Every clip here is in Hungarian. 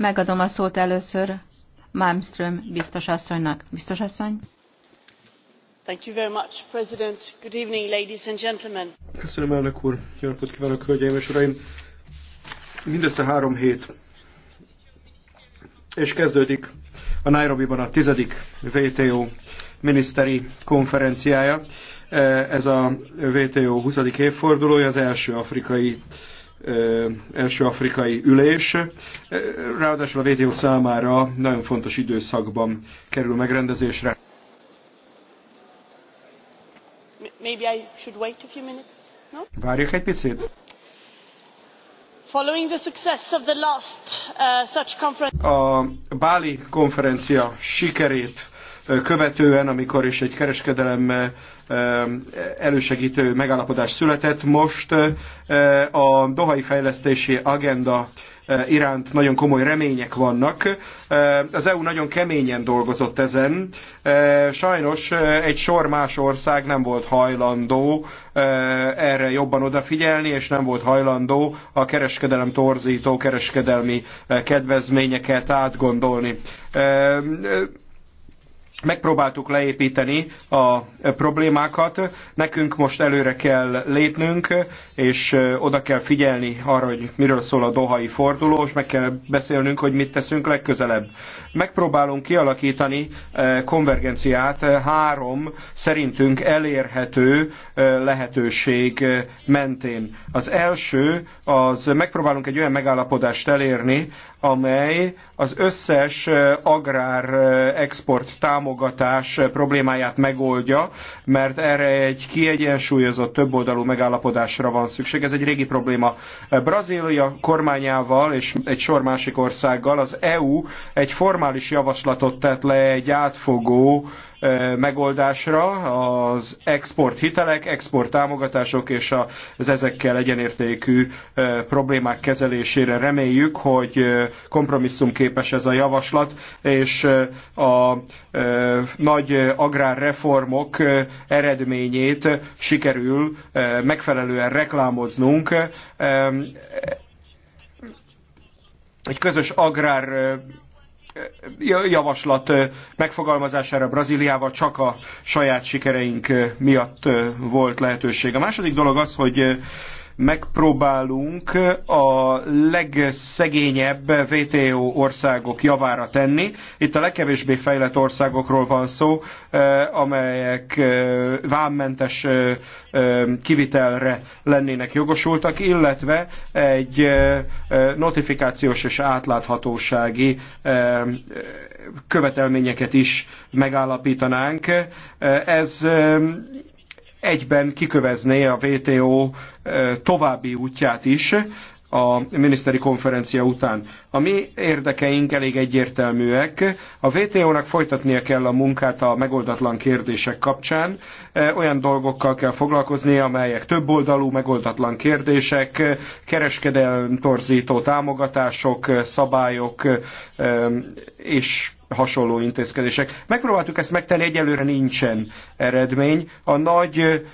Megadom a szót először Malmström biztos asszonynak. Biztos asszony? Thank you very much, President. Good evening, ladies and gentlemen. Köszönöm, elnök úr. Jó napot kívánok, hölgyeim és uraim. Mindössze három hét, és kezdődik a Nairobi-ban a tizedik WTO miniszteri konferenciája. Ez a WTO 20. évfordulója, az első afrikai első afrikai ülés. Ráadásul a WTO számára nagyon fontos időszakban kerül megrendezésre. Maybe I should wait a few minutes. No? Várjuk egy picit. Following the success of the last uh, such conference. A Bali konferencia sikerét követően, amikor is egy kereskedelem elősegítő megállapodás született, most a Dohai Fejlesztési Agenda iránt nagyon komoly remények vannak. Az EU nagyon keményen dolgozott ezen. Sajnos egy sor más ország nem volt hajlandó erre jobban odafigyelni, és nem volt hajlandó a kereskedelem torzító kereskedelmi kedvezményeket átgondolni megpróbáltuk leépíteni a problémákat, nekünk most előre kell lépnünk, és oda kell figyelni arra, hogy miről szól a dohai forduló, és meg kell beszélnünk, hogy mit teszünk legközelebb. Megpróbálunk kialakítani konvergenciát három szerintünk elérhető lehetőség mentén. Az első, az megpróbálunk egy olyan megállapodást elérni, amely az összes agrár export támogatás problémáját megoldja, mert erre egy kiegyensúlyozott többoldalú megállapodásra van szükség. Ez egy régi probléma. Brazília kormányával és egy sor másik országgal az EU egy formális javaslatot tett le egy átfogó megoldásra az exporthitelek, exporttámogatások és az ezekkel egyenértékű problémák kezelésére. Reméljük, hogy kompromisszumképes képes ez a javaslat, és a nagy agrárreformok eredményét sikerül megfelelően reklámoznunk egy közös agrár javaslat megfogalmazására Brazíliával csak a saját sikereink miatt volt lehetőség. A második dolog az, hogy megpróbálunk a legszegényebb VTO országok javára tenni. Itt a legkevésbé fejlett országokról van szó, eh, amelyek eh, vámmentes eh, kivitelre lennének jogosultak, illetve egy notifikációs és átláthatósági követelményeket is megállapítanánk. Ez egyben kikövezné a WTO további útját is a miniszteri konferencia után. A mi érdekeink elég egyértelműek. A WTO-nak folytatnia kell a munkát a megoldatlan kérdések kapcsán. Olyan dolgokkal kell foglalkozni, amelyek többoldalú, megoldatlan kérdések, kereskedelm támogatások, szabályok és hasonló intézkedések. Megpróbáltuk ezt megtenni, egyelőre nincsen eredmény. A nagy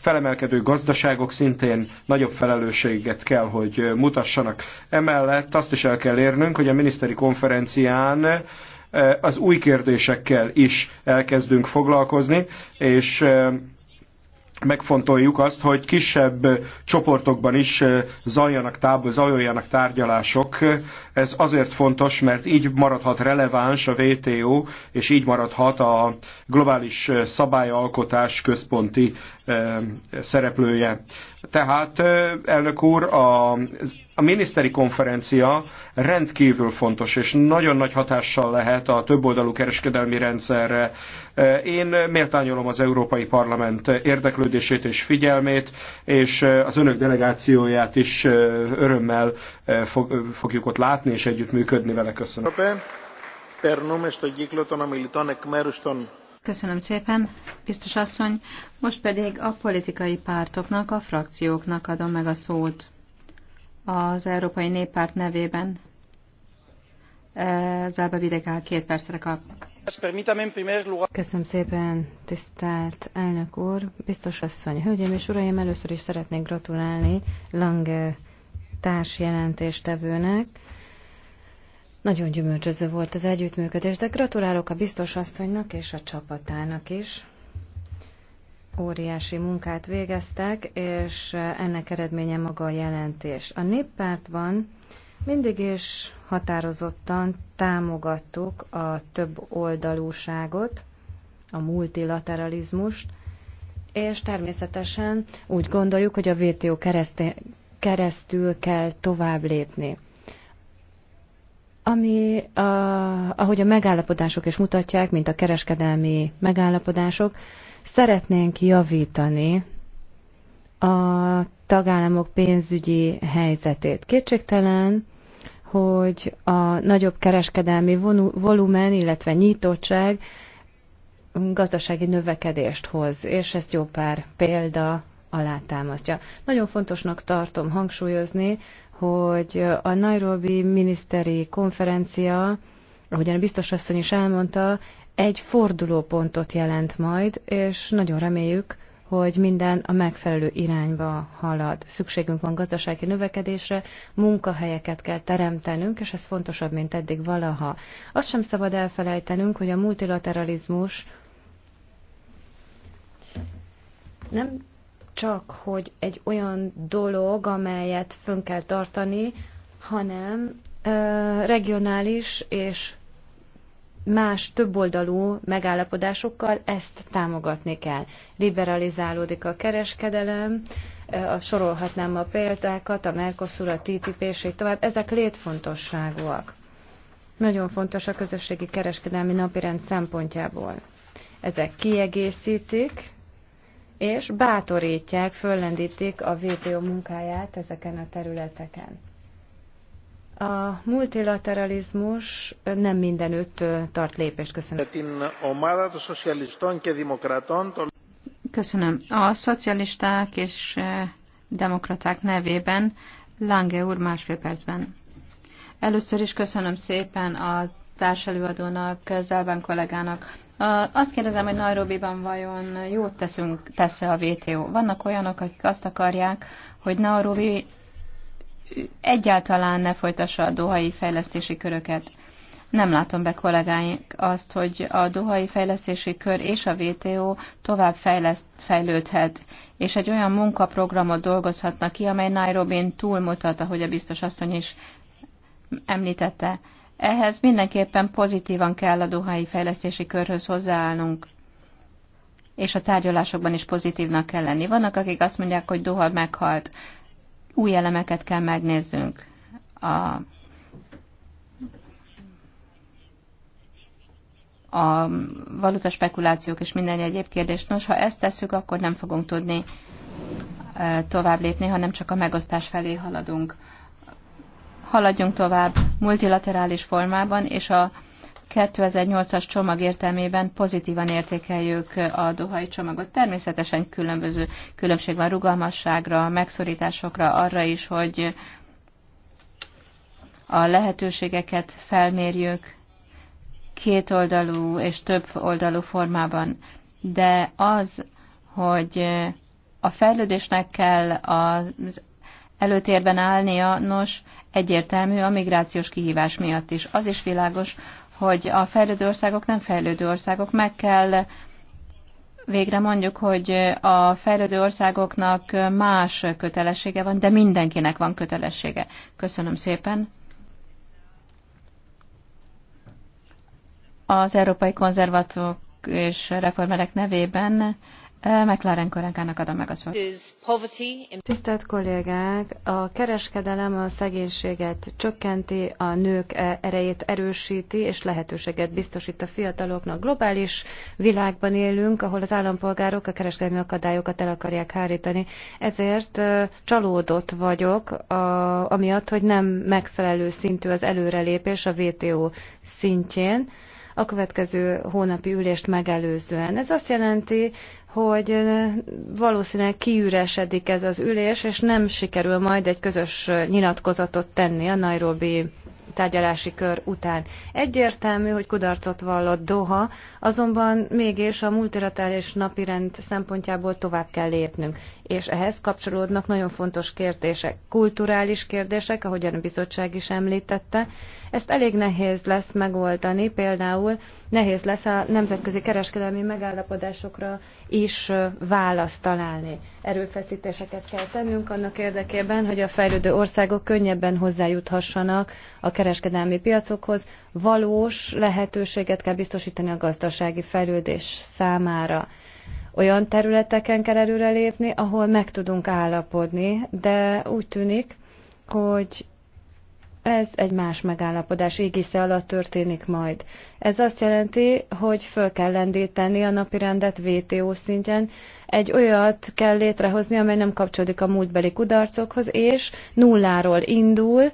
felemelkedő gazdaságok szintén nagyobb felelősséget kell, hogy mutassanak. Emellett azt is el kell érnünk, hogy a miniszteri konferencián az új kérdésekkel is elkezdünk foglalkozni, és megfontoljuk azt, hogy kisebb csoportokban is zajlanak, tábor, zajoljanak tárgyalások. Ez azért fontos, mert így maradhat releváns a WTO, és így maradhat a globális szabályalkotás központi szereplője. Tehát, elnök úr, a, a miniszteri konferencia rendkívül fontos, és nagyon nagy hatással lehet a többoldalú kereskedelmi rendszerre. Én méltányolom az Európai Parlament érdeklődését és figyelmét, és az önök delegációját is örömmel fogjuk ott látni, és együttműködni vele. Köszönöm. Köszönöm szépen, biztos asszony. Most pedig a politikai pártoknak, a frakcióknak adom meg a szót. Az Európai Néppárt nevében eh, Zába Bidegál két percre kap. Köszönöm szépen, tisztelt elnök úr, biztos asszony, hölgyeim és uraim, először is szeretnék gratulálni Lange társjelentéstevőnek. jelentéstevőnek nagyon gyümölcsöző volt az együttműködés, de gratulálok a biztos asszonynak és a csapatának is. Óriási munkát végeztek, és ennek eredménye maga a jelentés. A néppártban mindig is határozottan támogattuk a több oldalúságot, a multilateralizmust, és természetesen úgy gondoljuk, hogy a VTO keresztül kell tovább lépni ami, a, ahogy a megállapodások is mutatják, mint a kereskedelmi megállapodások, szeretnénk javítani a tagállamok pénzügyi helyzetét. Kétségtelen, hogy a nagyobb kereskedelmi volumen, illetve nyitottság gazdasági növekedést hoz, és ezt jó pár példa alátámasztja. Nagyon fontosnak tartom hangsúlyozni, hogy a Nairobi miniszteri konferencia, ahogyan a biztos asszony is elmondta, egy fordulópontot jelent majd, és nagyon reméljük, hogy minden a megfelelő irányba halad. Szükségünk van gazdasági növekedésre, munkahelyeket kell teremtenünk, és ez fontosabb, mint eddig valaha. Azt sem szabad elfelejtenünk, hogy a multilateralizmus nem csak, hogy egy olyan dolog, amelyet fönn kell tartani, hanem ö, regionális és más többoldalú megállapodásokkal ezt támogatni kell. Liberalizálódik a kereskedelem, a sorolhatnám a példákat, a Mercosur, a TTIP és így tovább. Ezek létfontosságúak. Nagyon fontos a közösségi kereskedelmi napirend szempontjából. Ezek kiegészítik és bátorítják, föllendítik a VTO munkáját ezeken a területeken. A multilateralizmus nem mindenütt tart lépést. Köszönöm. Köszönöm. A szocialisták és demokraták nevében Lange úr másfél percben. Először is köszönöm szépen a társelőadónak, Zelben kollégának azt kérdezem, hogy Nairobiban vajon jót teszünk, tesz-e a WTO? Vannak olyanok, akik azt akarják, hogy Nairobi egyáltalán ne folytassa a dohai fejlesztési köröket. Nem látom be kollégáink azt, hogy a dohai fejlesztési kör és a WTO tovább fejleszt, fejlődhet, és egy olyan munkaprogramot dolgozhatnak ki, amely Nairobin túlmutat, ahogy a biztos asszony is említette. Ehhez mindenképpen pozitívan kell a Dohai fejlesztési körhöz hozzáállnunk, és a tárgyalásokban is pozitívnak kell lenni. Vannak, akik azt mondják, hogy Doha meghalt, új elemeket kell megnézzünk. A a valuta spekulációk és minden egyéb kérdés. Nos, ha ezt tesszük, akkor nem fogunk tudni tovább lépni, hanem csak a megosztás felé haladunk haladjunk tovább multilaterális formában, és a 2008-as csomag értelmében pozitívan értékeljük a dohai csomagot. Természetesen különböző különbség van rugalmasságra, megszorításokra, arra is, hogy a lehetőségeket felmérjük kétoldalú és több oldalú formában. De az, hogy a fejlődésnek kell az előtérben állnia, nos, egyértelmű a migrációs kihívás miatt is. Az is világos, hogy a fejlődő országok nem fejlődő országok. Meg kell végre mondjuk, hogy a fejlődő országoknak más kötelessége van, de mindenkinek van kötelessége. Köszönöm szépen. Az európai konzervatók és reformerek nevében McLaren kollégának adom meg a szót. Tisztelt kollégák, a kereskedelem a szegénységet csökkenti, a nők e- erejét erősíti és lehetőséget biztosít a fiataloknak. Globális világban élünk, ahol az állampolgárok a kereskedelmi akadályokat el akarják hárítani. Ezért csalódott vagyok, a, amiatt, hogy nem megfelelő szintű az előrelépés a WTO szintjén a következő hónapi ülést megelőzően. Ez azt jelenti, hogy valószínűleg kiüresedik ez az ülés, és nem sikerül majd egy közös nyilatkozatot tenni a Nairobi tárgyalási kör után. Egyértelmű, hogy kudarcot vallott Doha, Azonban mégis a multilaterális napirend szempontjából tovább kell lépnünk, és ehhez kapcsolódnak nagyon fontos kérdések, kulturális kérdések, ahogyan a bizottság is említette. Ezt elég nehéz lesz megoldani, például nehéz lesz a nemzetközi kereskedelmi megállapodásokra is választ találni. Erőfeszítéseket kell tennünk annak érdekében, hogy a fejlődő országok könnyebben hozzájuthassanak a kereskedelmi piacokhoz, valós lehetőséget kell biztosítani a gazdaságokhoz gazdasági fejlődés számára. Olyan területeken kell előrelépni, ahol meg tudunk állapodni, de úgy tűnik, hogy ez egy más megállapodás égisze alatt történik majd. Ez azt jelenti, hogy föl kell lendíteni a napirendet VTO szintjen, egy olyat kell létrehozni, amely nem kapcsolódik a múltbeli kudarcokhoz, és nulláról indul,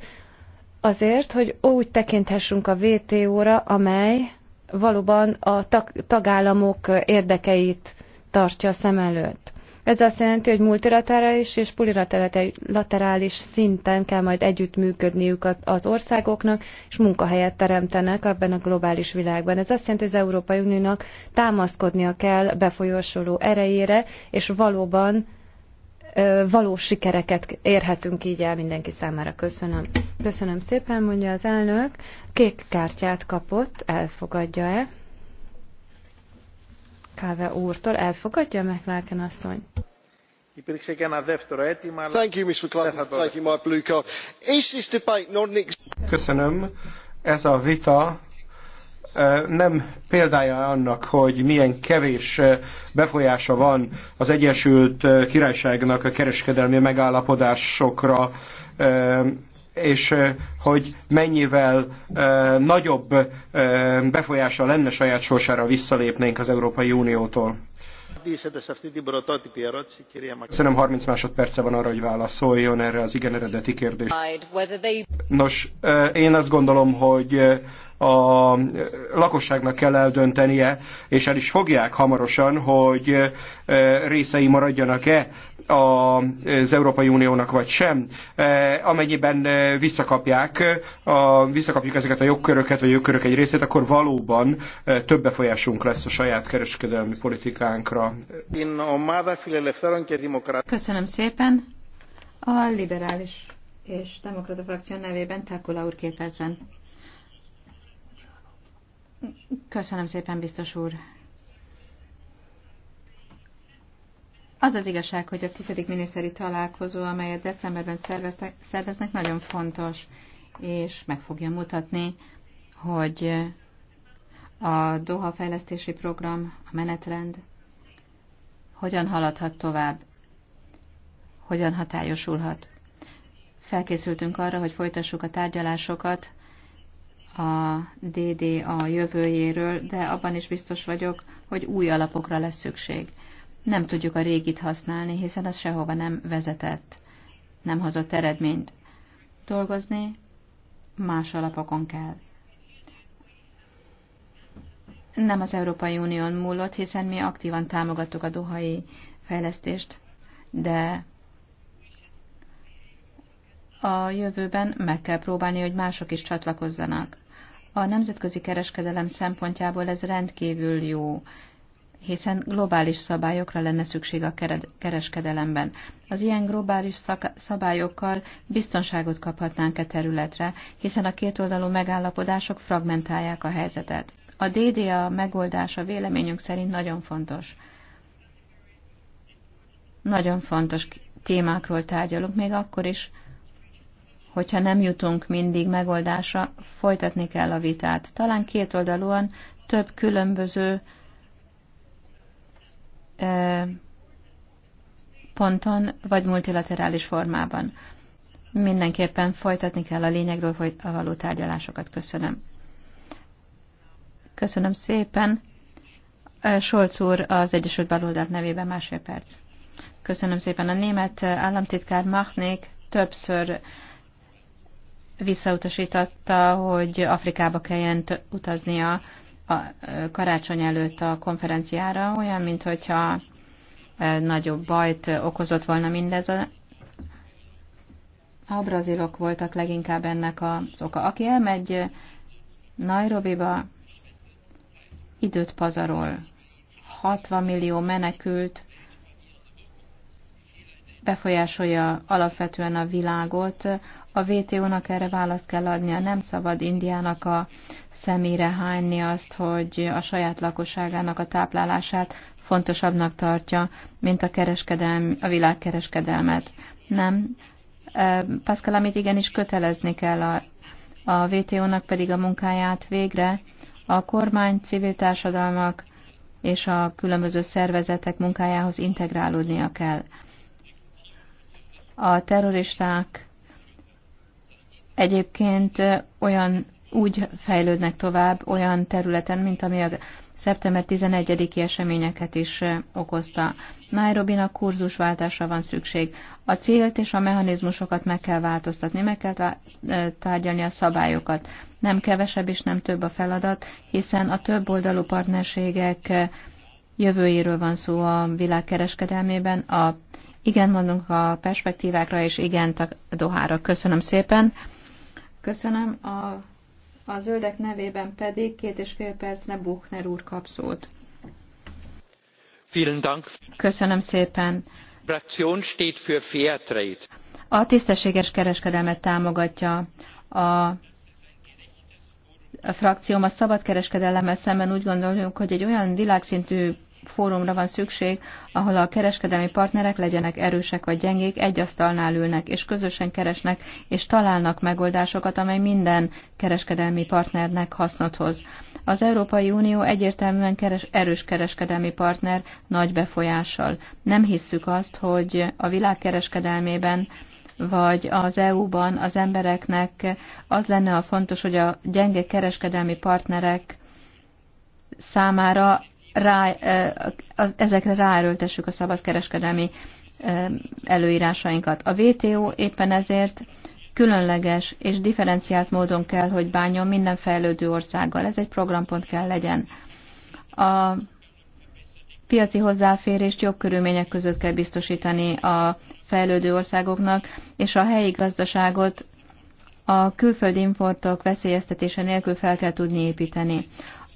azért, hogy úgy tekinthessünk a VTO-ra, amely valóban a tag, tagállamok érdekeit tartja szem előtt. Ez azt jelenti, hogy multilaterális és plurilaterális szinten kell majd együttműködniük az országoknak, és munkahelyet teremtenek ebben a globális világban. Ez azt jelenti, hogy az Európai Uniónak támaszkodnia kell befolyásoló erejére, és valóban valós sikereket érhetünk így el mindenki számára. Köszönöm. Köszönöm szépen, mondja az elnök. Kék kártyát kapott, elfogadja-e? Káve úrtól elfogadja meg Láken asszony? Köszönöm. Ez a vita nem példája annak, hogy milyen kevés befolyása van az Egyesült Királyságnak a kereskedelmi megállapodásokra, és hogy mennyivel nagyobb befolyása lenne saját sorsára visszalépnénk az Európai Uniótól. Szerintem 30 másodperce van arra, hogy válaszoljon erre az igen eredeti kérdésre. Nos, én azt gondolom, hogy a lakosságnak kell eldöntenie, és el is fogják hamarosan, hogy részei maradjanak-e az Európai Uniónak vagy sem. Amennyiben visszakapják, a, visszakapjuk ezeket a jogköröket, vagy a jogkörök egy részét, akkor valóban több befolyásunk lesz a saját kereskedelmi politikánkra. Köszönöm szépen. A liberális és demokrata frakció nevében Takula úr kérdezben. Köszönöm szépen, biztos úr. Az az igazság, hogy a tizedik miniszteri találkozó, amelyet decemberben szerveznek, nagyon fontos, és meg fogja mutatni, hogy a Doha fejlesztési program, a menetrend hogyan haladhat tovább, hogyan hatályosulhat. Felkészültünk arra, hogy folytassuk a tárgyalásokat a DDA jövőjéről, de abban is biztos vagyok, hogy új alapokra lesz szükség. Nem tudjuk a régit használni, hiszen az sehova nem vezetett, nem hozott eredményt. Dolgozni más alapokon kell. Nem az Európai Unión múlott, hiszen mi aktívan támogattuk a dohai fejlesztést, de a jövőben meg kell próbálni, hogy mások is csatlakozzanak. A nemzetközi kereskedelem szempontjából ez rendkívül jó, hiszen globális szabályokra lenne szükség a kereskedelemben. Az ilyen globális szabályokkal biztonságot kaphatnánk a e területre, hiszen a kétoldalú megállapodások fragmentálják a helyzetet. A DDA megoldása véleményünk szerint nagyon fontos. Nagyon fontos témákról tárgyalunk, még akkor is, hogyha nem jutunk mindig megoldásra, folytatni kell a vitát. Talán kétoldalúan több különböző ponton vagy multilaterális formában. Mindenképpen folytatni kell a lényegről hogy a való tárgyalásokat. Köszönöm. Köszönöm szépen. Solc úr az Egyesült Baloldát nevében másfél perc. Köszönöm szépen. A német államtitkár Machnék többször visszautasította, hogy Afrikába kelljen utaznia a karácsony előtt a konferenciára, olyan, mintha nagyobb bajt okozott volna mindez. A, a brazilok voltak leginkább ennek az oka. Aki elmegy Nairobiba, időt pazarol. 60 millió menekült befolyásolja alapvetően a világot, a vto nak erre választ kell adnia, nem szabad Indiának a szemére hányni azt, hogy a saját lakosságának a táplálását fontosabbnak tartja, mint a, kereskedelm, a világkereskedelmet. Nem. Pascal, amit igenis kötelezni kell a, a vto nak pedig a munkáját végre a kormány, civil társadalmak és a különböző szervezetek munkájához integrálódnia kell. A terroristák egyébként olyan úgy fejlődnek tovább olyan területen, mint ami a szeptember 11-i eseményeket is okozta. Nairobinak kurzusváltásra van szükség. A célt és a mechanizmusokat meg kell változtatni, meg kell tárgyalni a szabályokat. Nem kevesebb és nem több a feladat, hiszen a több oldalú partnerségek jövőjéről van szó a világkereskedelmében. A, igen mondunk a perspektívákra, és igen a Dohára. Köszönöm szépen. Köszönöm. A, a zöldek nevében pedig két és fél percre Buchner úr kap szót. Köszönöm szépen. A tisztességes kereskedelmet támogatja. A a frakcióm a szabadkereskedelemmel szemben úgy gondoljuk, hogy egy olyan világszintű fórumra van szükség, ahol a kereskedelmi partnerek legyenek erősek vagy gyengék, egy asztalnál ülnek, és közösen keresnek és találnak megoldásokat, amely minden kereskedelmi partnernek hasznot hoz. Az Európai Unió egyértelműen keres, erős kereskedelmi partner nagy befolyással. Nem hisszük azt, hogy a világ kereskedelmében vagy az EU-ban az embereknek az lenne a fontos, hogy a gyenge kereskedelmi partnerek számára rá, ezekre ráerőltessük a szabadkereskedelmi előírásainkat. A WTO éppen ezért különleges és differenciált módon kell, hogy bánjon minden fejlődő országgal. Ez egy programpont kell legyen. A piaci hozzáférést jobb körülmények között kell biztosítani a fejlődő országoknak, és a helyi gazdaságot a külföldi importok veszélyeztetése nélkül fel kell tudni építeni.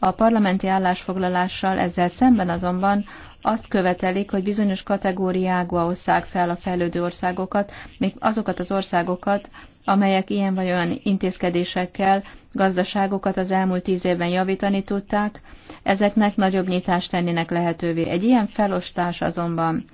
A parlamenti állásfoglalással ezzel szemben azonban azt követelik, hogy bizonyos kategóriákba osszák fel a fejlődő országokat, még azokat az országokat, amelyek ilyen vagy olyan intézkedésekkel gazdaságokat az elmúlt tíz évben javítani tudták, ezeknek nagyobb nyitást tennének lehetővé. Egy ilyen felosztás azonban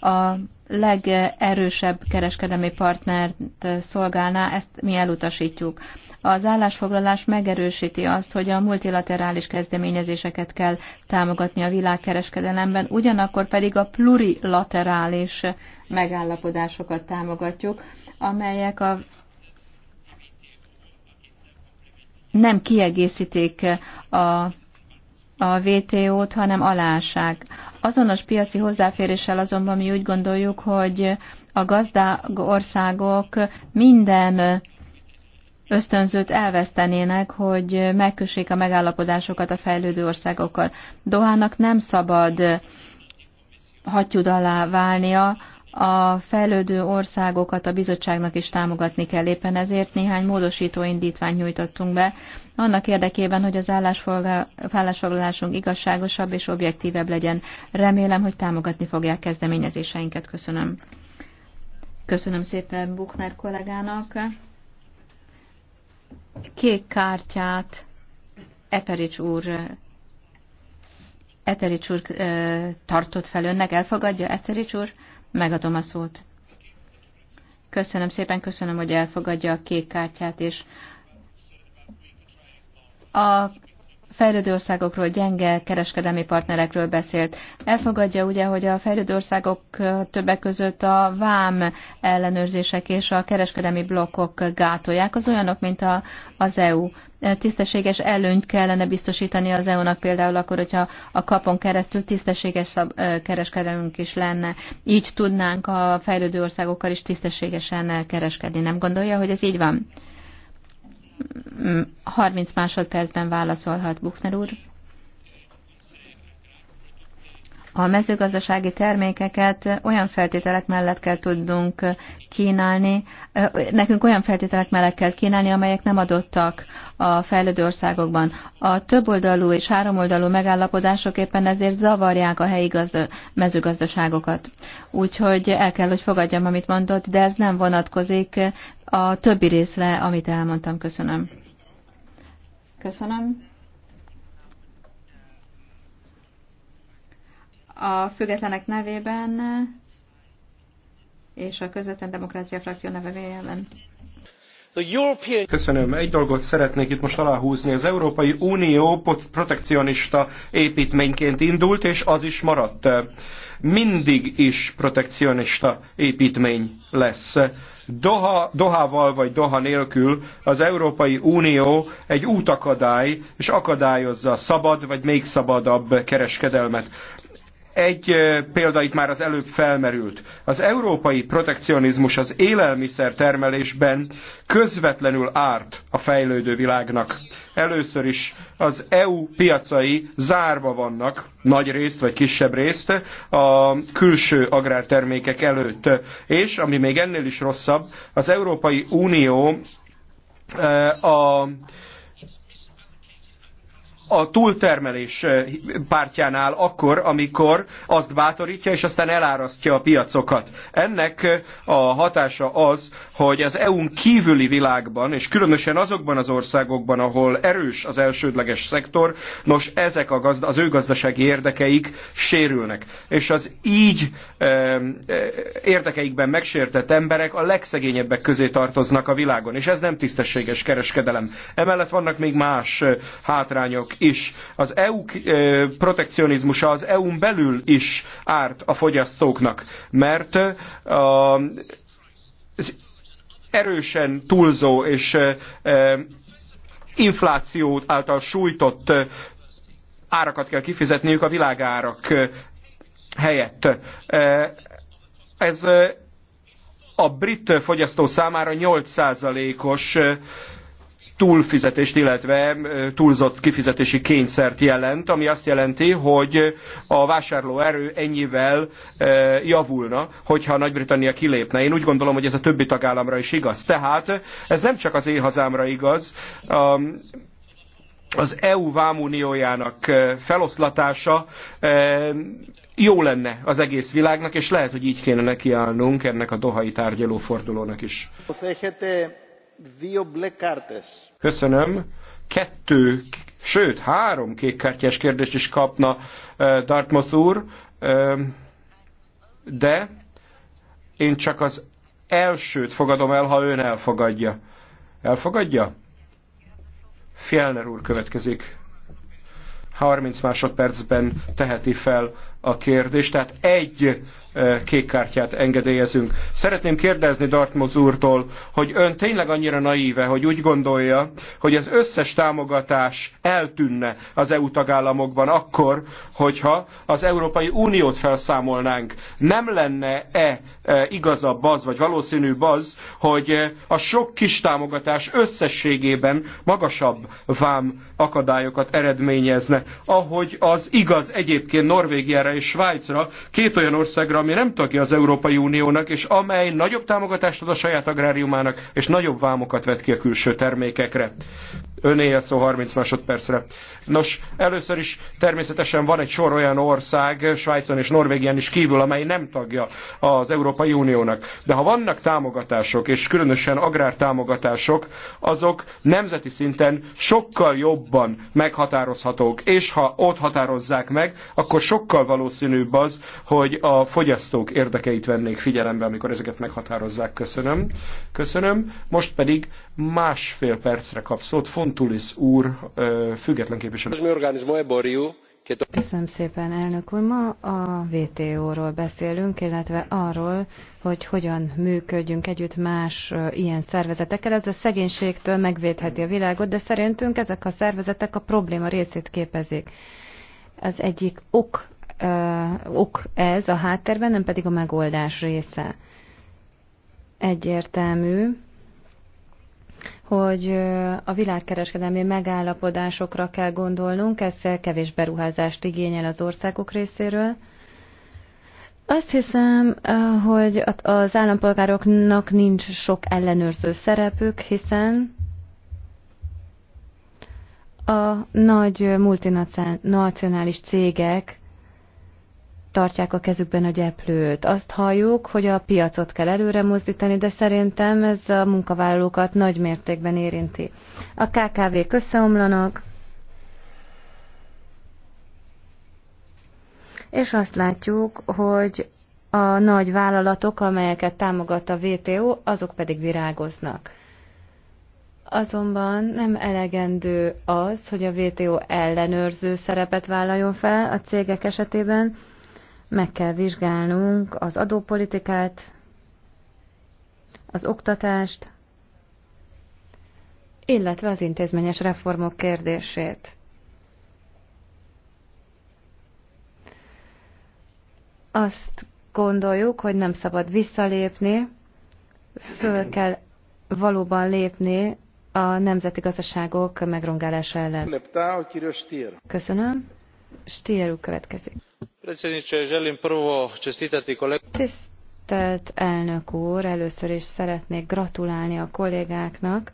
a legerősebb kereskedelmi partnert szolgálná, ezt mi elutasítjuk. Az állásfoglalás megerősíti azt, hogy a multilaterális kezdeményezéseket kell támogatni a világkereskedelemben, ugyanakkor pedig a plurilaterális megállapodásokat támogatjuk, amelyek a nem kiegészítik a a VTO-t, hanem alássák. Azonos piaci hozzáféréssel azonban mi úgy gondoljuk, hogy a gazdag országok minden ösztönzőt elvesztenének, hogy megkössék a megállapodásokat a fejlődő országokkal. Dohának nem szabad hattyúd alá válnia, a fejlődő országokat a bizottságnak is támogatni kell éppen ezért néhány módosító indítványt nyújtottunk be, annak érdekében, hogy az állásfoglalásunk igazságosabb és objektívebb legyen. Remélem, hogy támogatni fogják kezdeményezéseinket. Köszönöm. Köszönöm szépen Buchner kollégának kék kártyát Eperics úr Eterics úr ö, tartott fel önnek, elfogadja Eterics úr? Megadom a szót. Köszönöm szépen, köszönöm, hogy elfogadja a kék kártyát, és a fejlődő országokról, gyenge kereskedelmi partnerekről beszélt. Elfogadja ugye, hogy a fejlődő országok többek között a vám ellenőrzések és a kereskedelmi blokkok gátolják, az olyanok, mint a, az EU e, tisztességes előnyt kellene biztosítani az EU-nak például akkor, hogyha a kapon keresztül tisztességes kereskedelünk is lenne. Így tudnánk a fejlődő országokkal is tisztességesen kereskedni. Nem gondolja, hogy ez így van? 30 másodpercben válaszolhat Buchner úr. A mezőgazdasági termékeket olyan feltételek mellett kell tudnunk kínálni, nekünk olyan feltételek mellett kell kínálni, amelyek nem adottak a fejlődő országokban. A többoldalú és háromoldalú megállapodások éppen ezért zavarják a helyi gazda- mezőgazdaságokat. Úgyhogy el kell, hogy fogadjam, amit mondott, de ez nem vonatkozik a többi részre, amit elmondtam. Köszönöm. Köszönöm. A függetlenek nevében és a közvetlen demokrácia frakció nevében Köszönöm. Egy dolgot szeretnék itt most aláhúzni. Az Európai Unió protekcionista építményként indult, és az is maradt. Mindig is protekcionista építmény lesz. Doha, Dohával vagy Doha nélkül az Európai Unió egy útakadály, és akadályozza szabad vagy még szabadabb kereskedelmet. Egy példa itt már az előbb felmerült. Az európai protekcionizmus az élelmiszer termelésben közvetlenül árt a fejlődő világnak. Először is az EU piacai zárva vannak, nagy részt vagy kisebb részt, a külső agrártermékek előtt. És, ami még ennél is rosszabb, az Európai Unió a a túltermelés eh, pártján akkor, amikor azt bátorítja, és aztán elárasztja a piacokat. Ennek eh, a hatása az, hogy az EU-n kívüli világban, és különösen azokban az országokban, ahol erős az elsődleges szektor, nos, ezek a gazda, az ő gazdasági érdekeik sérülnek. És az így e, érdekeikben megsértett emberek a legszegényebbek közé tartoznak a világon, és ez nem tisztességes kereskedelem. Emellett vannak még más hátrányok is. Az EU protekcionizmusa az EU-n belül is árt a fogyasztóknak, mert a, erősen túlzó és infláció által sújtott árakat kell kifizetniük a világárak helyett. Ez a brit fogyasztó számára 8%-os túlfizetést, illetve túlzott kifizetési kényszert jelent, ami azt jelenti, hogy a vásárlóerő ennyivel javulna, hogyha Nagy-Britannia kilépne. Én úgy gondolom, hogy ez a többi tagállamra is igaz. Tehát ez nem csak az én hazámra igaz, az EU vámuniójának feloszlatása jó lenne az egész világnak, és lehet, hogy így kéne nekiállnunk ennek a dohai tárgyalófordulónak is. Osz black cartes. Köszönöm. Kettő, sőt, három kékkártyás kérdést is kapna Dartmouth úr, de én csak az elsőt fogadom el, ha ön elfogadja. Elfogadja? Fjellner úr következik. 30 másodpercben teheti fel a kérdés, tehát egy e, kék kártyát engedélyezünk. Szeretném kérdezni Dartmouth úrtól, hogy ön tényleg annyira naíve, hogy úgy gondolja, hogy az összes támogatás eltűnne az EU tagállamokban akkor, hogyha az Európai Uniót felszámolnánk. Nem lenne-e e, igazabb az, vagy valószínűbb az, hogy e, a sok kis támogatás összességében magasabb vám akadályokat eredményezne, ahogy az igaz egyébként Norvégiára Dániára és Svájcra, két olyan országra, ami nem tagja az Európai Uniónak, és amely nagyobb támogatást ad a saját agráriumának, és nagyobb vámokat vet ki a külső termékekre. Öné a szó 30 másodpercre. Nos, először is természetesen van egy sor olyan ország, Svájcon és Norvégián is kívül, amely nem tagja az Európai Uniónak. De ha vannak támogatások, és különösen agrártámogatások, azok nemzeti szinten sokkal jobban meghatározhatók, és ha ott határozzák meg, akkor sokkal legvalószínűbb az, hogy a fogyasztók érdekeit vennék figyelembe, amikor ezeket meghatározzák. Köszönöm. Köszönöm. Most pedig másfél percre kap szót Fontulis úr, független képviselő. Köszönöm szépen, elnök úr. Ma a vto ról beszélünk, illetve arról, hogy hogyan működjünk együtt más ilyen szervezetekkel. Ez a szegénységtől megvédheti a világot, de szerintünk ezek a szervezetek a probléma részét képezik. Az egyik ok ok ez a háttérben, nem pedig a megoldás része. Egyértelmű, hogy a világkereskedelmi megállapodásokra kell gondolnunk, ez kevés beruházást igényel az országok részéről. Azt hiszem, hogy az állampolgároknak nincs sok ellenőrző szerepük, hiszen a nagy multinacionális cégek tartják a kezükben a gyeplőt. Azt halljuk, hogy a piacot kell előre mozdítani, de szerintem ez a munkavállalókat nagy mértékben érinti. A KKV-k összeomlanak, és azt látjuk, hogy a nagy vállalatok, amelyeket támogat a WTO, azok pedig virágoznak. Azonban nem elegendő az, hogy a WTO ellenőrző szerepet vállaljon fel a cégek esetében, meg kell vizsgálnunk az adópolitikát, az oktatást, illetve az intézményes reformok kérdését. Azt gondoljuk, hogy nem szabad visszalépni, föl kell valóban lépni a nemzeti gazdaságok megrongálása ellen. Köszönöm. Stier úr következik. Tisztelt elnök úr, először is szeretnék gratulálni a kollégáknak.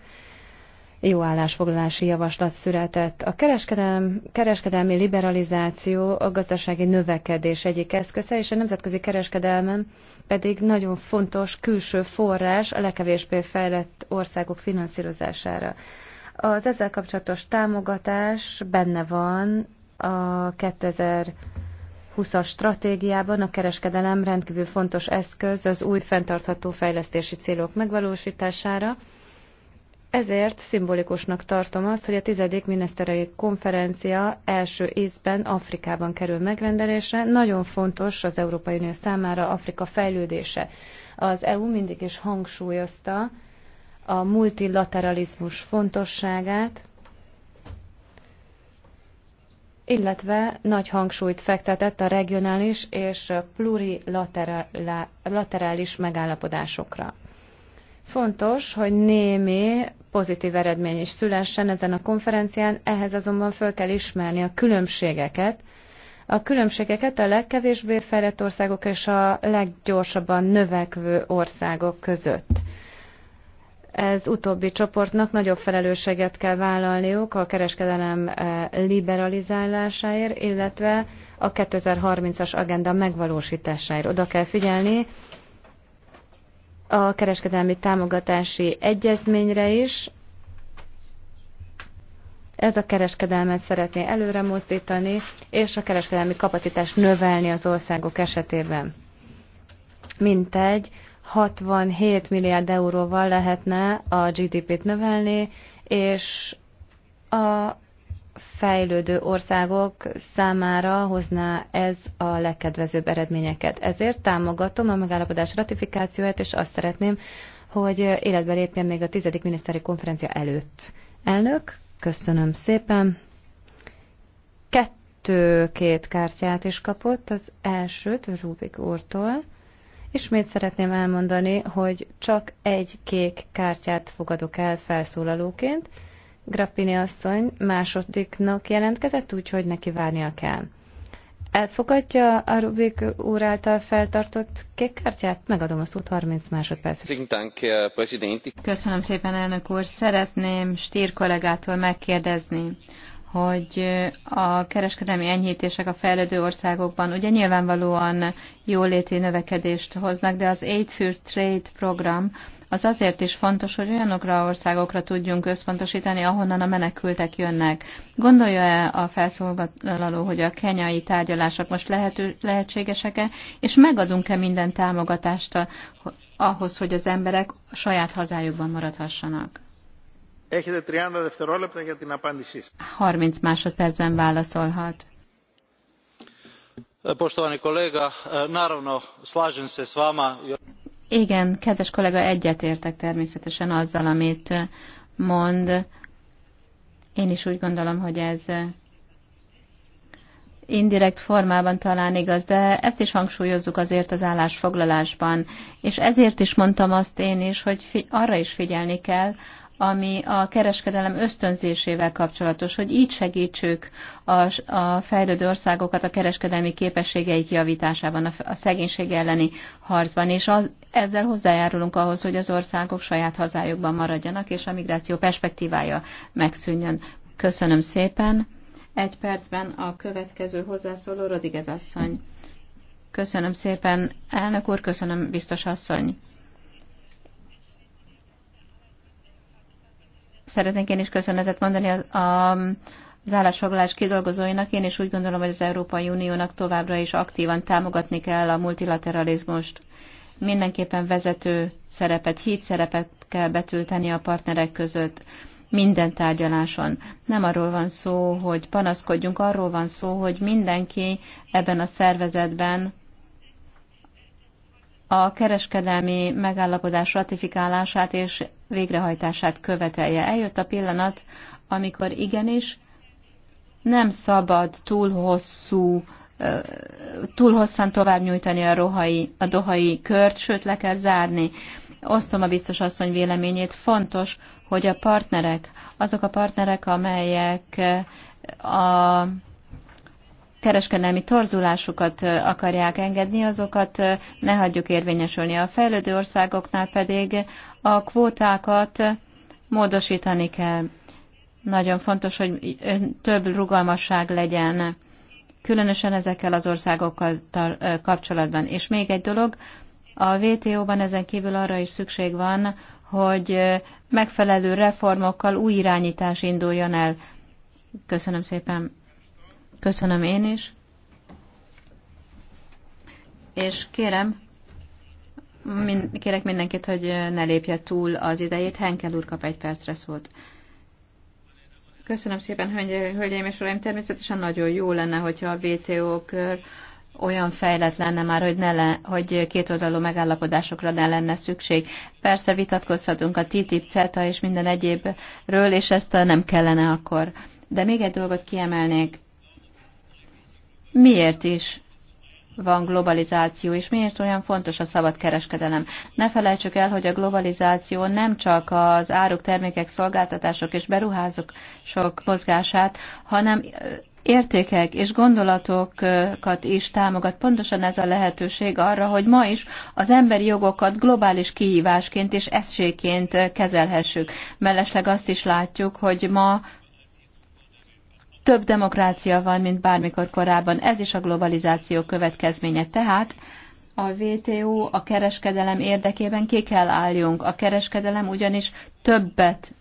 Jó állásfoglalási javaslat született. A kereskedelm, kereskedelmi liberalizáció a gazdasági növekedés egyik eszköze, és a nemzetközi kereskedelmen pedig nagyon fontos külső forrás a legkevésbé fejlett országok finanszírozására. Az ezzel kapcsolatos támogatás benne van a 2020-as stratégiában a kereskedelem rendkívül fontos eszköz az új fenntartható fejlesztési célok megvalósítására. Ezért szimbolikusnak tartom azt, hogy a tizedik miniszterei konferencia első ízben Afrikában kerül megrendelésre. Nagyon fontos az Európai Unió számára Afrika fejlődése. Az EU mindig is hangsúlyozta a multilateralizmus fontosságát, illetve nagy hangsúlyt fektetett a regionális és plurilaterális megállapodásokra. Fontos, hogy némi pozitív eredmény is szülessen ezen a konferencián, ehhez azonban föl kell ismerni a különbségeket, a különbségeket a legkevésbé fejlett országok és a leggyorsabban növekvő országok között. Ez utóbbi csoportnak nagyobb felelősséget kell vállalniuk a kereskedelem eh, liberalizálásáért, illetve a 2030-as agenda megvalósításáért. Oda kell figyelni a kereskedelmi támogatási egyezményre is. Ez a kereskedelmet szeretné előre mozdítani, és a kereskedelmi kapacitást növelni az országok esetében. Mintegy 67 milliárd euróval lehetne a GDP-t növelni, és a fejlődő országok számára hozná ez a legkedvezőbb eredményeket. Ezért támogatom a megállapodás ratifikációját, és azt szeretném, hogy életbe lépjen még a tizedik miniszteri konferencia előtt. Elnök, köszönöm szépen. Kettő két kártyát is kapott, az elsőt Rubik úrtól. Ismét szeretném elmondani, hogy csak egy kék kártyát fogadok el felszólalóként. Grappini asszony másodiknak jelentkezett, úgyhogy neki várnia kell. Elfogadja a Rubik úr által feltartott kék kártyát? Megadom a szót 30 másodpercet. Köszönöm szépen, elnök úr. Szeretném Stír kollégától megkérdezni, hogy a kereskedelmi enyhítések a fejlődő országokban ugye nyilvánvalóan jóléti növekedést hoznak, de az Aid for Trade program az azért is fontos, hogy olyanokra országokra tudjunk összpontosítani, ahonnan a menekültek jönnek. Gondolja-e a felszolgáló, hogy a kenyai tárgyalások most lehetségesek-e, és megadunk-e minden támogatást ahhoz, hogy az emberek saját hazájukban maradhassanak? 30 másodpercben válaszolhat. Poštovani kolega, naravno, slažem se s vama. Igen, kedves kollega, egyetértek természetesen azzal, amit mond. Én is úgy gondolom, hogy ez indirekt formában talán igaz, de ezt is hangsúlyozzuk azért az állásfoglalásban. És ezért is mondtam azt én is, hogy arra is figyelni kell, ami a kereskedelem ösztönzésével kapcsolatos, hogy így segítsük a, a fejlődő országokat a kereskedelmi képességeik javításában, a, a szegénység elleni harcban, és az, ezzel hozzájárulunk ahhoz, hogy az országok saját hazájukban maradjanak, és a migráció perspektívája megszűnjön. Köszönöm szépen. Egy percben a következő hozzászóló Rodigez asszony. Köszönöm szépen, elnök úr, köszönöm biztos asszony. Szeretnék én is köszönetet mondani az, a, az állásfoglalás kidolgozóinak. Én is úgy gondolom, hogy az Európai Uniónak továbbra is aktívan támogatni kell a multilateralizmust. Mindenképpen vezető szerepet, híd szerepet kell betülteni a partnerek között minden tárgyaláson. Nem arról van szó, hogy panaszkodjunk, arról van szó, hogy mindenki ebben a szervezetben a kereskedelmi megállapodás ratifikálását és végrehajtását követelje. Eljött a pillanat, amikor igenis nem szabad túl hosszú túl hosszan tovább nyújtani a, rohai, a dohai kört, sőt le kell zárni. Osztom a biztos asszony véleményét. Fontos, hogy a partnerek, azok a partnerek, amelyek a kereskedelmi torzulásukat akarják engedni, azokat ne hagyjuk érvényesülni. A fejlődő országoknál pedig a kvótákat módosítani kell. Nagyon fontos, hogy több rugalmasság legyen, különösen ezekkel az országokkal kapcsolatban. És még egy dolog, a WTO-ban ezen kívül arra is szükség van, hogy megfelelő reformokkal új irányítás induljon el. Köszönöm szépen. Köszönöm én is. És kérem, min, kérek mindenkit, hogy ne lépje túl az idejét. Henkel úr kap egy percre szólt. Köszönöm szépen, hölgyeim és uraim. Természetesen nagyon jó lenne, hogyha a WTO kör olyan fejlett lenne már, hogy, ne le, hogy kétoldalú megállapodásokra ne lenne szükség. Persze vitatkozhatunk a TTIP, CETA és minden egyébről, és ezt nem kellene akkor. De még egy dolgot kiemelnék miért is van globalizáció, és miért olyan fontos a szabad kereskedelem. Ne felejtsük el, hogy a globalizáció nem csak az áruk, termékek, szolgáltatások és beruházások mozgását, hanem értékek és gondolatokat is támogat. Pontosan ez a lehetőség arra, hogy ma is az emberi jogokat globális kihívásként és eszségként kezelhessük. Mellesleg azt is látjuk, hogy ma több demokrácia van, mint bármikor korábban. Ez is a globalizáció következménye. Tehát a WTO a kereskedelem érdekében ki kell álljunk. A kereskedelem ugyanis többet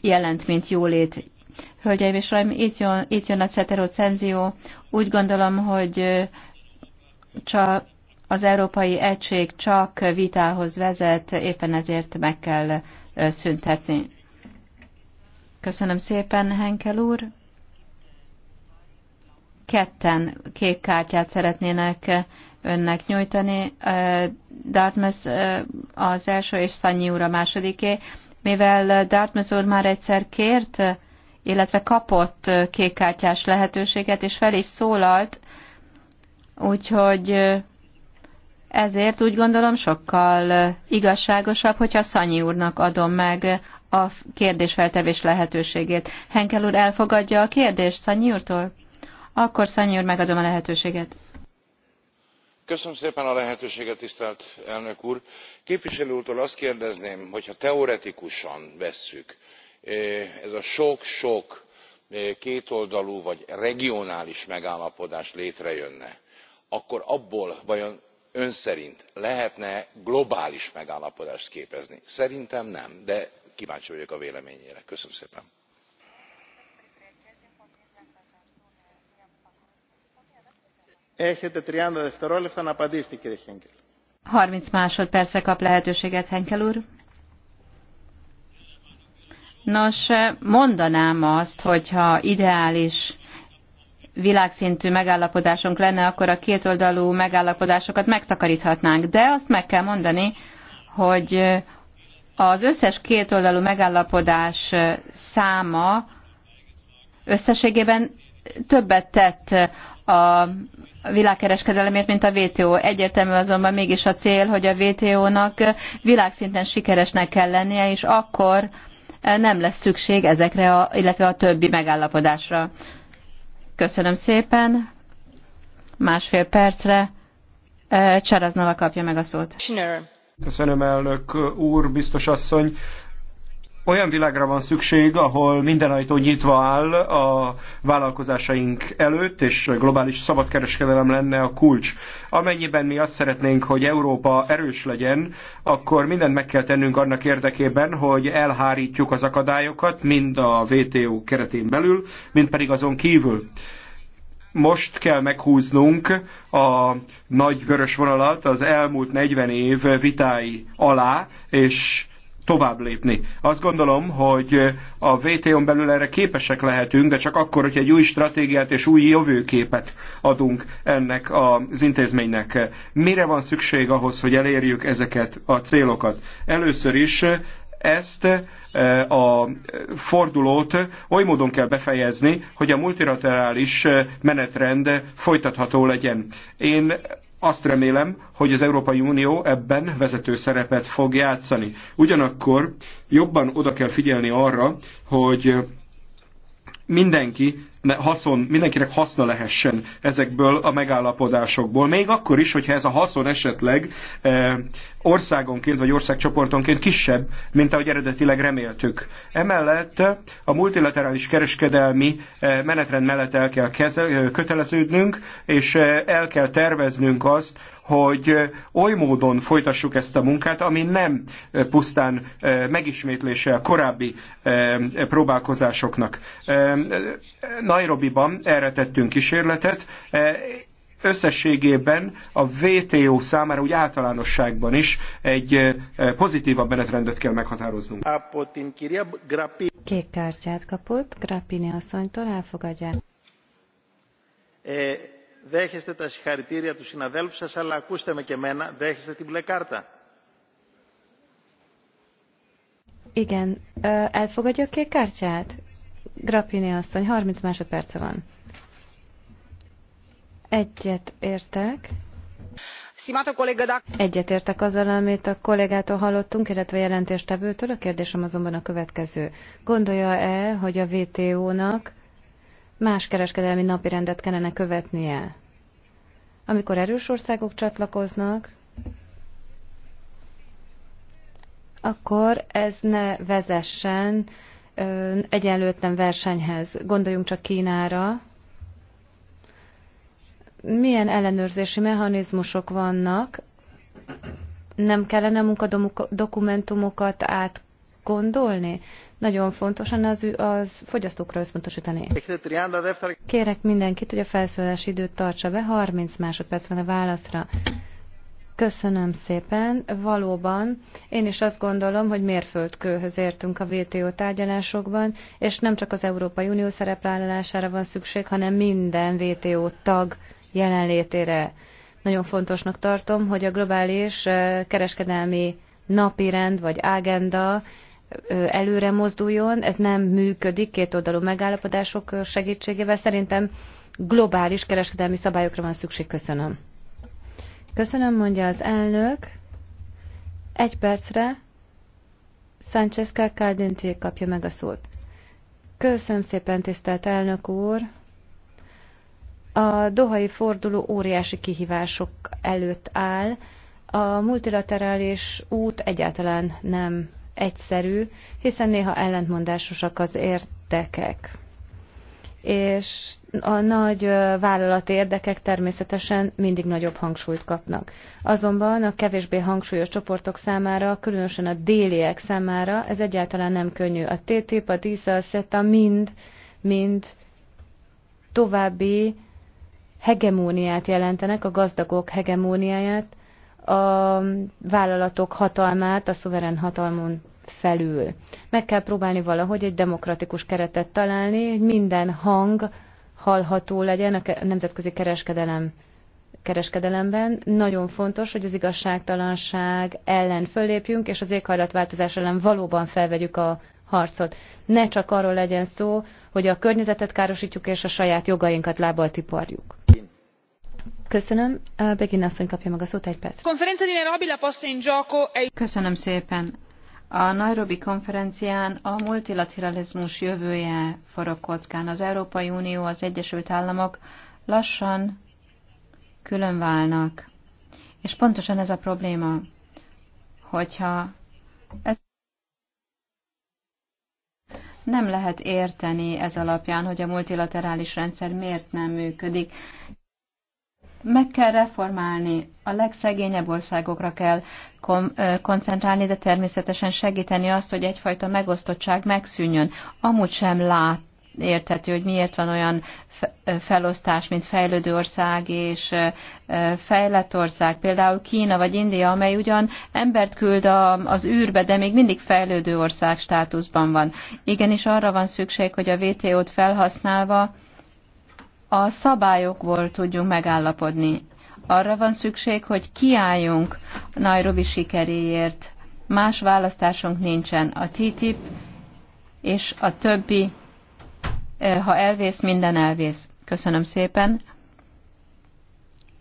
jelent, mint jólét. Hölgyeim és Raim, itt jön, itt jön a Cetero Cenzió. Úgy gondolom, hogy csak az európai egység csak vitához vezet, éppen ezért meg kell szüntetni. Köszönöm szépen, Henkel úr ketten kék kártyát szeretnének önnek nyújtani. Dartmouth az első és Szanyi úr a másodiké. Mivel Dartmouth úr már egyszer kért, illetve kapott kékkártyás lehetőséget, és fel is szólalt, úgyhogy ezért úgy gondolom sokkal igazságosabb, hogyha Szanyi úrnak adom meg a kérdésfeltevés lehetőségét. Henkel úr elfogadja a kérdést Szanyi úrtól? Akkor Szanyi úr, megadom a lehetőséget. Köszönöm szépen a lehetőséget, tisztelt elnök úr. Képviselő úrtól azt kérdezném, hogyha teoretikusan vesszük, eh, ez a sok-sok eh, kétoldalú vagy regionális megállapodás létrejönne, akkor abból vajon ön szerint lehetne globális megállapodást képezni? szerintem nem de kíváncsi vagyok a véleményére. köszönöm szépen. Έχετε 30 δευτερόλεπτα να απαντήσετε, κύριε Χέγκελ. 30 másodperce kap lehetőséget, Henkel úr. Nos, mondanám azt, hogyha ideális világszintű megállapodásunk lenne, akkor a kétoldalú megállapodásokat megtakaríthatnánk. De azt meg kell mondani, hogy az összes kétoldalú megállapodás száma összességében többet tett a világkereskedelemért, mint a WTO. Egyértelmű azonban mégis a cél, hogy a WTO-nak világszinten sikeresnek kell lennie, és akkor eh, nem lesz szükség ezekre, a, illetve a többi megállapodásra. Köszönöm szépen. Másfél percre. Eh, Csaraznova kapja meg a szót. Köszönöm, elnök úr, biztos asszony. Olyan világra van szükség, ahol minden ajtó nyitva áll a vállalkozásaink előtt, és globális szabadkereskedelem lenne a kulcs. Amennyiben mi azt szeretnénk, hogy Európa erős legyen, akkor mindent meg kell tennünk annak érdekében, hogy elhárítjuk az akadályokat, mind a WTO keretén belül, mind pedig azon kívül most kell meghúznunk a nagy vörös vonalat az elmúlt 40 év vitái alá, és tovább lépni. Azt gondolom, hogy a VTO-n belül erre képesek lehetünk, de csak akkor, hogy egy új stratégiát és új jövőképet adunk ennek az intézménynek. Mire van szükség ahhoz, hogy elérjük ezeket a célokat? Először is ezt eh, a fordulót oly módon kell befejezni, hogy a multilaterális menetrend folytatható legyen. Én azt remélem, hogy az Európai Unió ebben vezető szerepet fog játszani. Ugyanakkor jobban oda kell figyelni arra, hogy mindenki haszon, mindenkinek haszna lehessen ezekből a megállapodásokból. Még akkor is, hogyha ez a haszon esetleg eh, országonként vagy országcsoportonként kisebb, mint ahogy eredetileg reméltük. Emellett a multilaterális kereskedelmi eh, menetrend mellett el kell kezel, eh, köteleződnünk, és el kell terveznünk azt, hogy oly módon folytassuk ezt a munkát, ami nem pusztán megismétlése a korábbi próbálkozásoknak Nairobiban erre tettünk kísérletet, e, összességében a VTO számára úgy általánosságban is egy e, pozitívabb menetrendet kell meghatároznunk. Kék kártyát kapott, Grappini asszonytól elfogadja. E, δέχεστε τα συγχαρητήρια του συναδέλφου σας, αλλά ακούστε με και εμένα, δέχεστε την μπλε κάρτα. Igen, elfogadja a kék kártyát? Grappini asszony, 30 másodperce van. Egyet értek. értek azzal, amit a kollégától hallottunk, illetve jelentéstevőtől. A kérdésem azonban a következő. Gondolja-e, hogy a WTO-nak más kereskedelmi rendet kellene követnie? Amikor erős országok csatlakoznak, akkor ez ne vezessen egyenlőtlen versenyhez. Gondoljunk csak Kínára. Milyen ellenőrzési mechanizmusok vannak? Nem kellene munkadokumentumokat átgondolni? Nagyon fontosan az, az fogyasztókra összpontosítani. Kérek mindenkit, hogy a felszólalási időt tartsa be, 30 másodperc van a válaszra. Köszönöm szépen. Valóban én is azt gondolom, hogy mérföldkőhöz értünk a WTO tárgyalásokban, és nem csak az Európai Unió szerepvállalására van szükség, hanem minden WTO tag jelenlétére. Nagyon fontosnak tartom, hogy a globális kereskedelmi rend vagy ágenda előre mozduljon. Ez nem működik kétoldalú megállapodások segítségével. Szerintem globális kereskedelmi szabályokra van szükség. Köszönöm. Köszönöm, mondja az elnök. Egy percre Sánchez Cárdenté kapja meg a szót. Köszönöm szépen, tisztelt elnök úr. A dohai forduló óriási kihívások előtt áll. A multilaterális út egyáltalán nem egyszerű, hiszen néha ellentmondásosak az értékek és a nagy vállalati érdekek természetesen mindig nagyobb hangsúlyt kapnak. Azonban a kevésbé hangsúlyos csoportok számára, különösen a déliek számára ez egyáltalán nem könnyű. A TTIP, a TISA, a SETA mind, mind további hegemóniát jelentenek, a gazdagok hegemóniáját, a vállalatok hatalmát a szuverén hatalmon felül. Meg kell próbálni valahogy egy demokratikus keretet találni, hogy minden hang hallható legyen a nemzetközi kereskedelem kereskedelemben. Nagyon fontos, hogy az igazságtalanság ellen föllépjünk, és az éghajlatváltozás ellen valóban felvegyük a harcot. Ne csak arról legyen szó, hogy a környezetet károsítjuk, és a saját jogainkat lábbal tiparjuk. Köszönöm. Begin asszony kapja meg a szót egy perc. Köszönöm szépen. A Nairobi konferencián a multilateralizmus jövője forog kockán. Az Európai Unió, az Egyesült Államok lassan különválnak. És pontosan ez a probléma, hogyha ez nem lehet érteni ez alapján, hogy a multilaterális rendszer miért nem működik. Meg kell reformálni, a legszegényebb országokra kell koncentrálni, de természetesen segíteni azt, hogy egyfajta megosztottság megszűnjön. Amúgy sem lát érthető, hogy miért van olyan felosztás, mint fejlődő ország és fejlett ország, például Kína vagy India, amely ugyan embert küld a, az űrbe, de még mindig fejlődő ország státuszban van. Igenis arra van szükség, hogy a WTO-t felhasználva a szabályokból tudjunk megállapodni. Arra van szükség, hogy kiálljunk Nairobi sikeréért. Más választásunk nincsen. A TTIP és a többi, eh, ha elvész, minden elvész. Köszönöm szépen.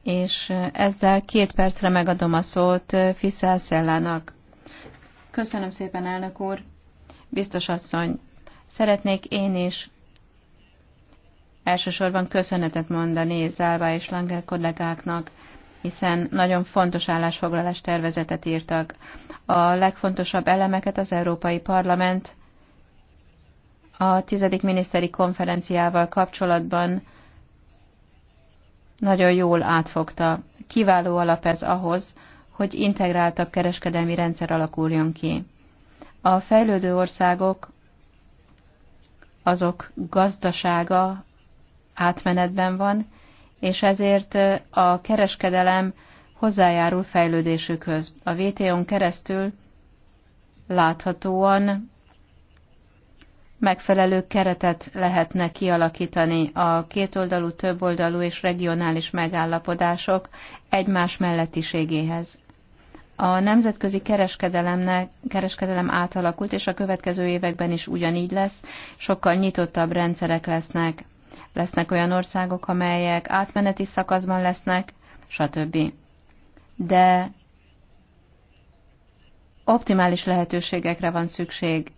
És eh, ezzel két percre megadom a szót eh, Fiszel Szellának. Köszönöm szépen, elnök úr. Biztos asszony, szeretnék én is elsősorban köszönetet mondani Zálva és Lange kollégáknak, hiszen nagyon fontos állásfoglalás tervezetet írtak. A legfontosabb elemeket az Európai Parlament a tizedik miniszteri konferenciával kapcsolatban nagyon jól átfogta. Kiváló alap ez ahhoz, hogy integráltabb kereskedelmi rendszer alakuljon ki. A fejlődő országok azok gazdasága átmenetben van, és ezért a kereskedelem hozzájárul fejlődésükhöz. A VTO-n keresztül láthatóan megfelelő keretet lehetne kialakítani a kétoldalú, többoldalú és regionális megállapodások egymás mellettiségéhez. A nemzetközi kereskedelemnek, kereskedelem átalakult, és a következő években is ugyanígy lesz, sokkal nyitottabb rendszerek lesznek lesznek olyan országok, amelyek átmeneti szakaszban lesznek, stb. De optimális lehetőségekre van szükség,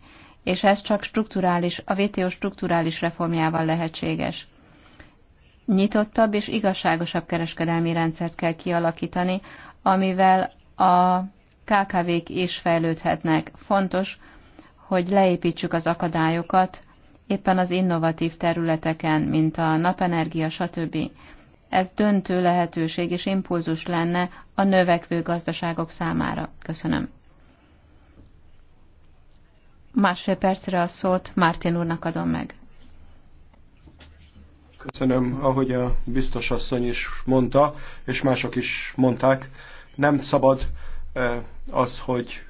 és ez csak strukturális, a VTO strukturális reformjával lehetséges. Nyitottabb és igazságosabb kereskedelmi rendszert kell kialakítani, amivel a KKV-k is fejlődhetnek. Fontos, hogy leépítsük az akadályokat, éppen az innovatív területeken, mint a napenergia, stb. Ez döntő lehetőség és impulzus lenne a növekvő gazdaságok számára. Köszönöm. Másfél percre a szót Mártin úrnak adom meg. Köszönöm, ahogy a biztos asszony is mondta, és mások is mondták, nem szabad eh, az, hogy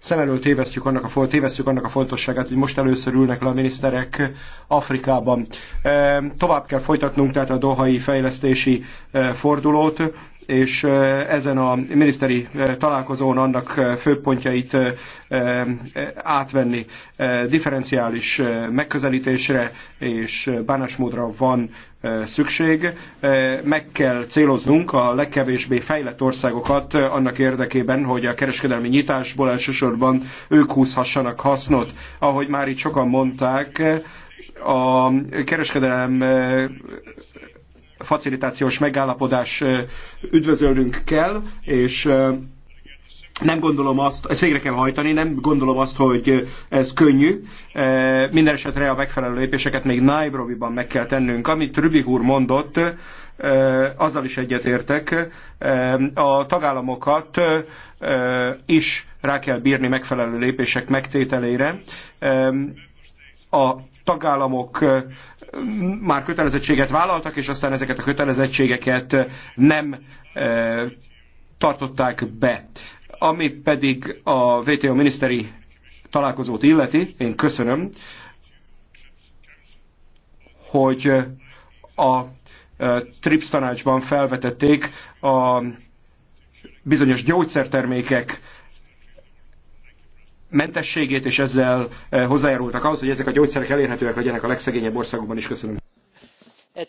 szem elől tévesztjük annak a, tévesztjük annak a fontosságát, hogy most először ülnek le a miniszterek Afrikában. Ehm, tovább kell folytatnunk tehát a dohai fejlesztési eh, fordulót, és ezen a miniszteri találkozón annak főpontjait átvenni. Differenciális megközelítésre és bánásmódra van szükség. Meg kell céloznunk a legkevésbé fejlett országokat annak érdekében, hogy a kereskedelmi nyitásból elsősorban ők húzhassanak hasznot. Ahogy már itt sokan mondták, a kereskedelem facilitációs megállapodás üdvözölnünk kell, és nem gondolom azt, ezt végre kell hajtani, nem gondolom azt, hogy ez könnyű. Minden esetre a megfelelő lépéseket még Nairobi-ban meg kell tennünk. Amit Rübi úr mondott, azzal is egyetértek. A tagállamokat is rá kell bírni megfelelő lépések megtételére. A tagállamok már kötelezettséget vállaltak, és aztán ezeket a kötelezettségeket nem tartották be. Ami pedig a WTO miniszteri találkozót illeti, én köszönöm, hogy a TRIPS tanácsban felvetették a bizonyos gyógyszertermékek mentességét, és ezzel eh, hozzájárultak ahhoz, hogy ezek a gyógyszerek elérhetőek legyenek a legszegényebb országokban is. Köszönöm. Eh,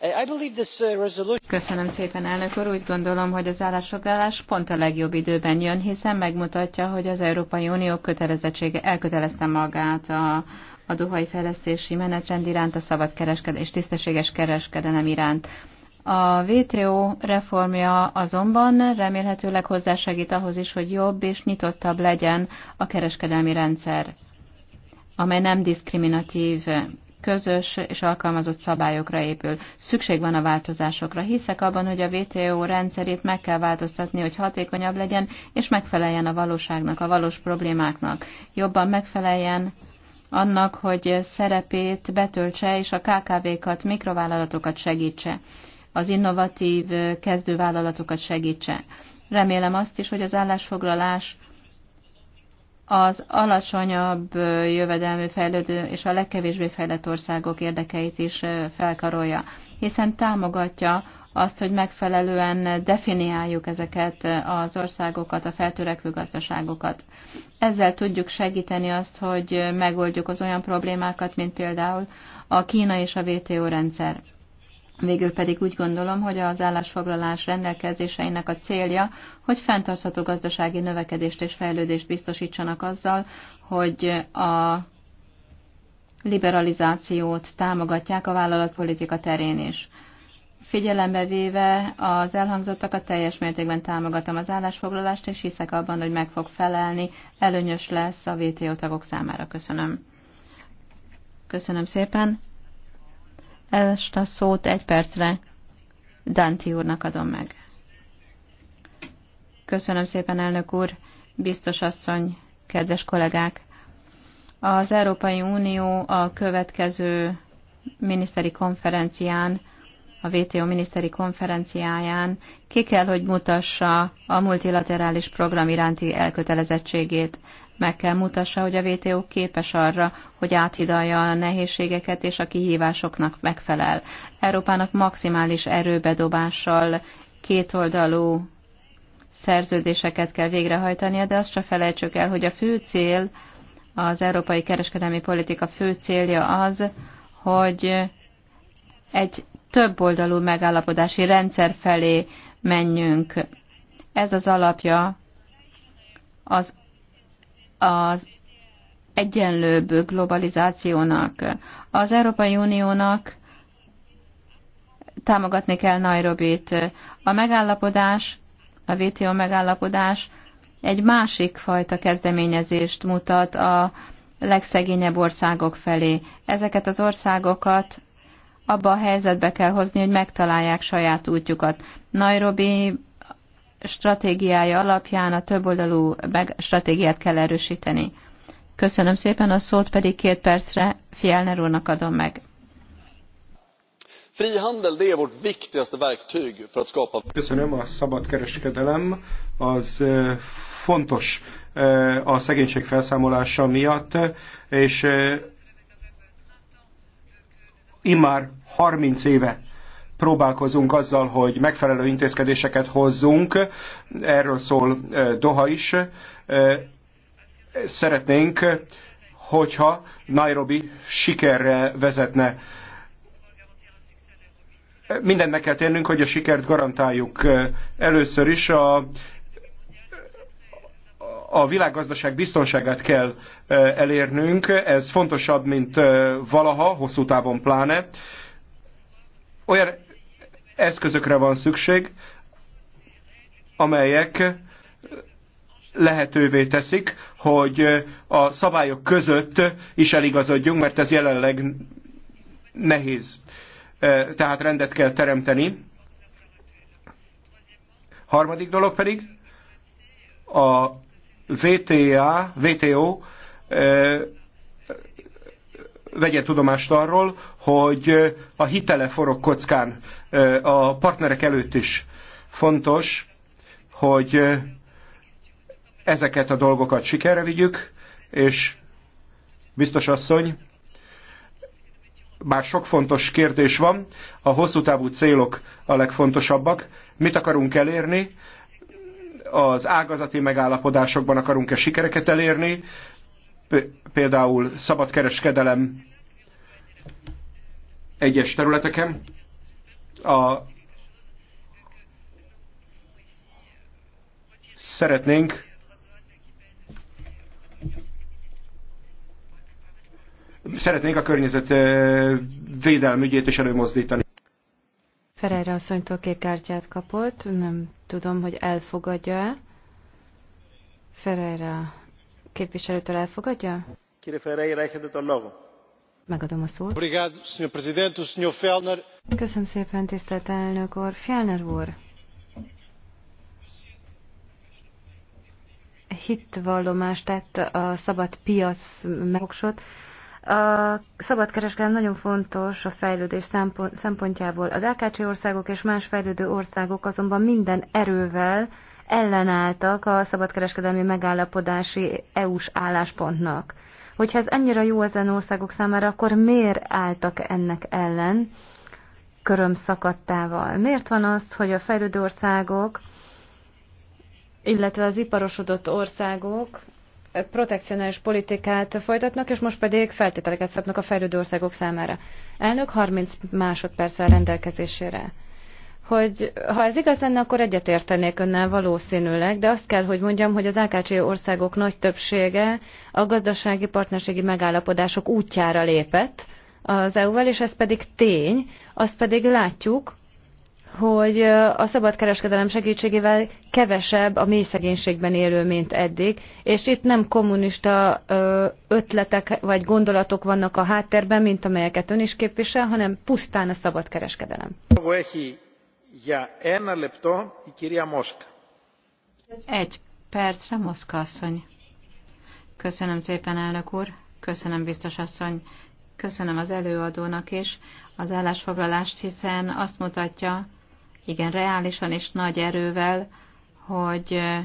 eh, Köszönöm szépen, elnök úr. Úgy gondolom, hogy az állásfoglalás pont a legjobb időben jön, hiszen megmutatja, hogy az Európai Unió kötelezettsége elkötelezte magát a, a dohai fejlesztési menetrend iránt, a szabad kereskedés, tisztességes kereskedelem iránt. A WTO reformja azonban remélhetőleg hozzásegít ahhoz is, hogy jobb és nyitottabb legyen a kereskedelmi rendszer, amely nem diszkriminatív, közös és alkalmazott szabályokra épül. Szükség van a változásokra. Hiszek abban, hogy a WTO rendszerét meg kell változtatni, hogy hatékonyabb legyen, és megfeleljen a valóságnak, a valós problémáknak. Jobban megfeleljen annak, hogy szerepét betöltse, és a KKV-kat, mikrovállalatokat segítse az innovatív kezdővállalatokat segítse. Remélem azt is, hogy az állásfoglalás az alacsonyabb jövedelmű fejlődő és a legkevésbé fejlett országok érdekeit is felkarolja, hiszen támogatja azt, hogy megfelelően definiáljuk ezeket az országokat, a feltörekvő gazdaságokat. Ezzel tudjuk segíteni azt, hogy megoldjuk az olyan problémákat, mint például a Kína és a WTO rendszer. Végül pedig úgy gondolom, hogy az állásfoglalás rendelkezéseinek a célja, hogy fenntartható gazdasági növekedést és fejlődést biztosítsanak azzal, hogy a liberalizációt támogatják a vállalatpolitika terén is. Figyelembe véve az elhangzottakat teljes mértékben támogatom az állásfoglalást, és hiszek abban, hogy meg fog felelni, előnyös lesz a VTO tagok számára. Köszönöm. Köszönöm szépen. Ezt a szót egy percre Danti úrnak adom meg. Köszönöm szépen, elnök úr, biztos asszony, kedves kollégák! Az Európai Unió a következő miniszteri konferencián, a WTO miniszteri konferenciáján ki kell, hogy mutassa a multilaterális program iránti elkötelezettségét meg kell mutassa, hogy a VTO képes arra, hogy áthidalja a nehézségeket és a kihívásoknak megfelel. Európának maximális erőbedobással kétoldalú szerződéseket kell végrehajtania, de azt se felejtsük el, hogy a fő cél, az európai kereskedelmi politika fő célja az, hogy egy több oldalú megállapodási rendszer felé menjünk. Ez az alapja az az egyenlőbb globalizációnak. Az Európai Uniónak támogatni kell Nairobit. A megállapodás, a VTO megállapodás egy másik fajta kezdeményezést mutat a legszegényebb országok felé. Ezeket az országokat abba a helyzetbe kell hozni, hogy megtalálják saját útjukat. Nairobi stratégiája alapján a többoldalú stratégiát kell erősíteni. Köszönöm szépen, a szót pedig két percre Fjellner úrnak adom meg. Frihandel, det är vårt viktigaste verktyg för att skapa... Köszönöm, a szabadkereskedelem az fontos a szegénység felszámolása miatt, és immár 30 éve próbálkozunk azzal, hogy megfelelő intézkedéseket hozzunk, erről szól Doha is. Szeretnénk, hogyha Nairobi sikerre vezetne Mindennek kell tennünk, hogy a sikert garantáljuk. Először is a, a világgazdaság biztonságát kell elérnünk, ez fontosabb, mint valaha, hosszú távon pláne. Olyan eszközökre van szükség, amelyek lehetővé teszik, hogy a szabályok között is eligazodjunk, mert ez jelenleg nehéz. E, tehát rendet kell teremteni. Harmadik dolog pedig a VTA, VTO e, vegye tudomást arról, hogy a hitele forog kockán a partnerek előtt is fontos, hogy ezeket a dolgokat sikerre vigyük, és biztos asszony, bár sok fontos kérdés van, a hosszú távú célok a legfontosabbak. Mit akarunk elérni? Az ágazati megállapodásokban akarunk-e sikereket elérni? például szabadkereskedelem egyes területeken. A szeretnénk szeretnénk a környezet védelmügyét is előmozdítani. Ferejre asszonytól két kártyát kapott, nem tudom, hogy elfogadja-e. Ferejre képviselőtől elfogadja? Kire Ferreira, a logo. Megadom a szót. Köszönöm szépen, tisztelt elnök úr. Fjellner úr, hitvallomást tett a szabad piac megoksot. A kereskedelem nagyon fontos a fejlődés szempontjából. Az LKC országok és más fejlődő országok azonban minden erővel ellenálltak a szabadkereskedelmi megállapodási EU-s álláspontnak. Hogyha ez annyira jó ezen országok számára, akkor miért álltak ennek ellen köröm szakadtával? Miért van az, hogy a fejlődő országok, illetve az iparosodott országok protekcionális politikát folytatnak, és most pedig feltételeket szabnak a fejlődő országok számára. Elnök 30 másodperccel rendelkezésére hogy ha ez igaz lenne, akkor egyetértenék önnel valószínűleg, de azt kell, hogy mondjam, hogy az AKC országok nagy többsége a gazdasági partnerségi megállapodások útjára lépett az EU-val, és ez pedig tény, azt pedig látjuk, hogy a szabadkereskedelem segítségével kevesebb a mély szegénységben élő, mint eddig, és itt nem kommunista ötletek vagy gondolatok vannak a háttérben, mint amelyeket ön is képvisel, hanem pusztán a szabadkereskedelem. Egy percre, Moszka asszony. Köszönöm szépen, elnök úr. Köszönöm, biztos asszony. Köszönöm az előadónak is az állásfoglalást, hiszen azt mutatja, igen, reálisan és nagy erővel, hogy eh,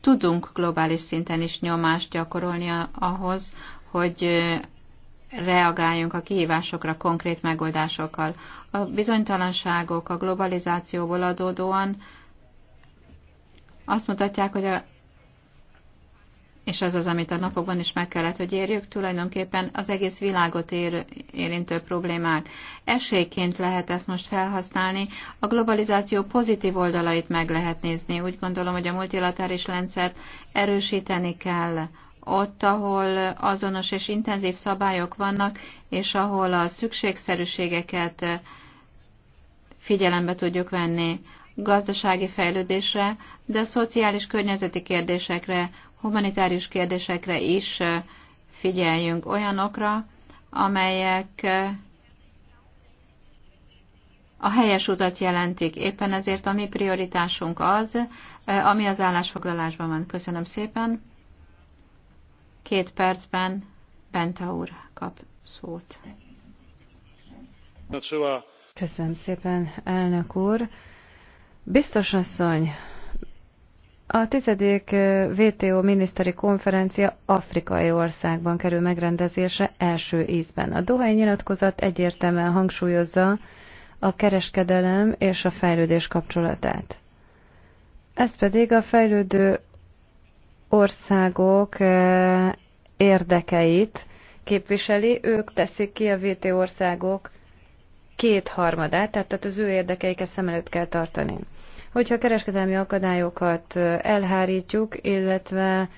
tudunk globális szinten is nyomást gyakorolni ahhoz, hogy eh, reagáljunk a kihívásokra konkrét megoldásokkal. A bizonytalanságok a globalizációból adódóan azt mutatják, hogy a és ez az, amit a napokban is meg kellett, hogy érjük, tulajdonképpen az egész világot ér, érintő problémák. Esélyként lehet ezt most felhasználni, a globalizáció pozitív oldalait meg lehet nézni. Úgy gondolom, hogy a multilateris rendszert erősíteni kell ott, ahol azonos és intenzív szabályok vannak, és ahol a szükségszerűségeket figyelembe tudjuk venni gazdasági fejlődésre, de szociális környezeti kérdésekre, humanitárius kérdésekre is figyeljünk olyanokra, amelyek a helyes utat jelentik. Éppen ezért a mi prioritásunk az, ami az állásfoglalásban van. Köszönöm szépen! Két percben Benta úr kap szót. Köszönöm szépen, elnök úr. Biztos asszony, a tizedik WTO miniszteri konferencia afrikai országban kerül megrendezése első ízben. A Dohai nyilatkozat egyértelműen hangsúlyozza a kereskedelem és a fejlődés kapcsolatát. Ez pedig a fejlődő országok érdekeit képviseli, ők teszik ki a VT országok kétharmadát, tehát az ő érdekeiket szem előtt kell tartani. Hogyha a kereskedelmi akadályokat elhárítjuk, illetve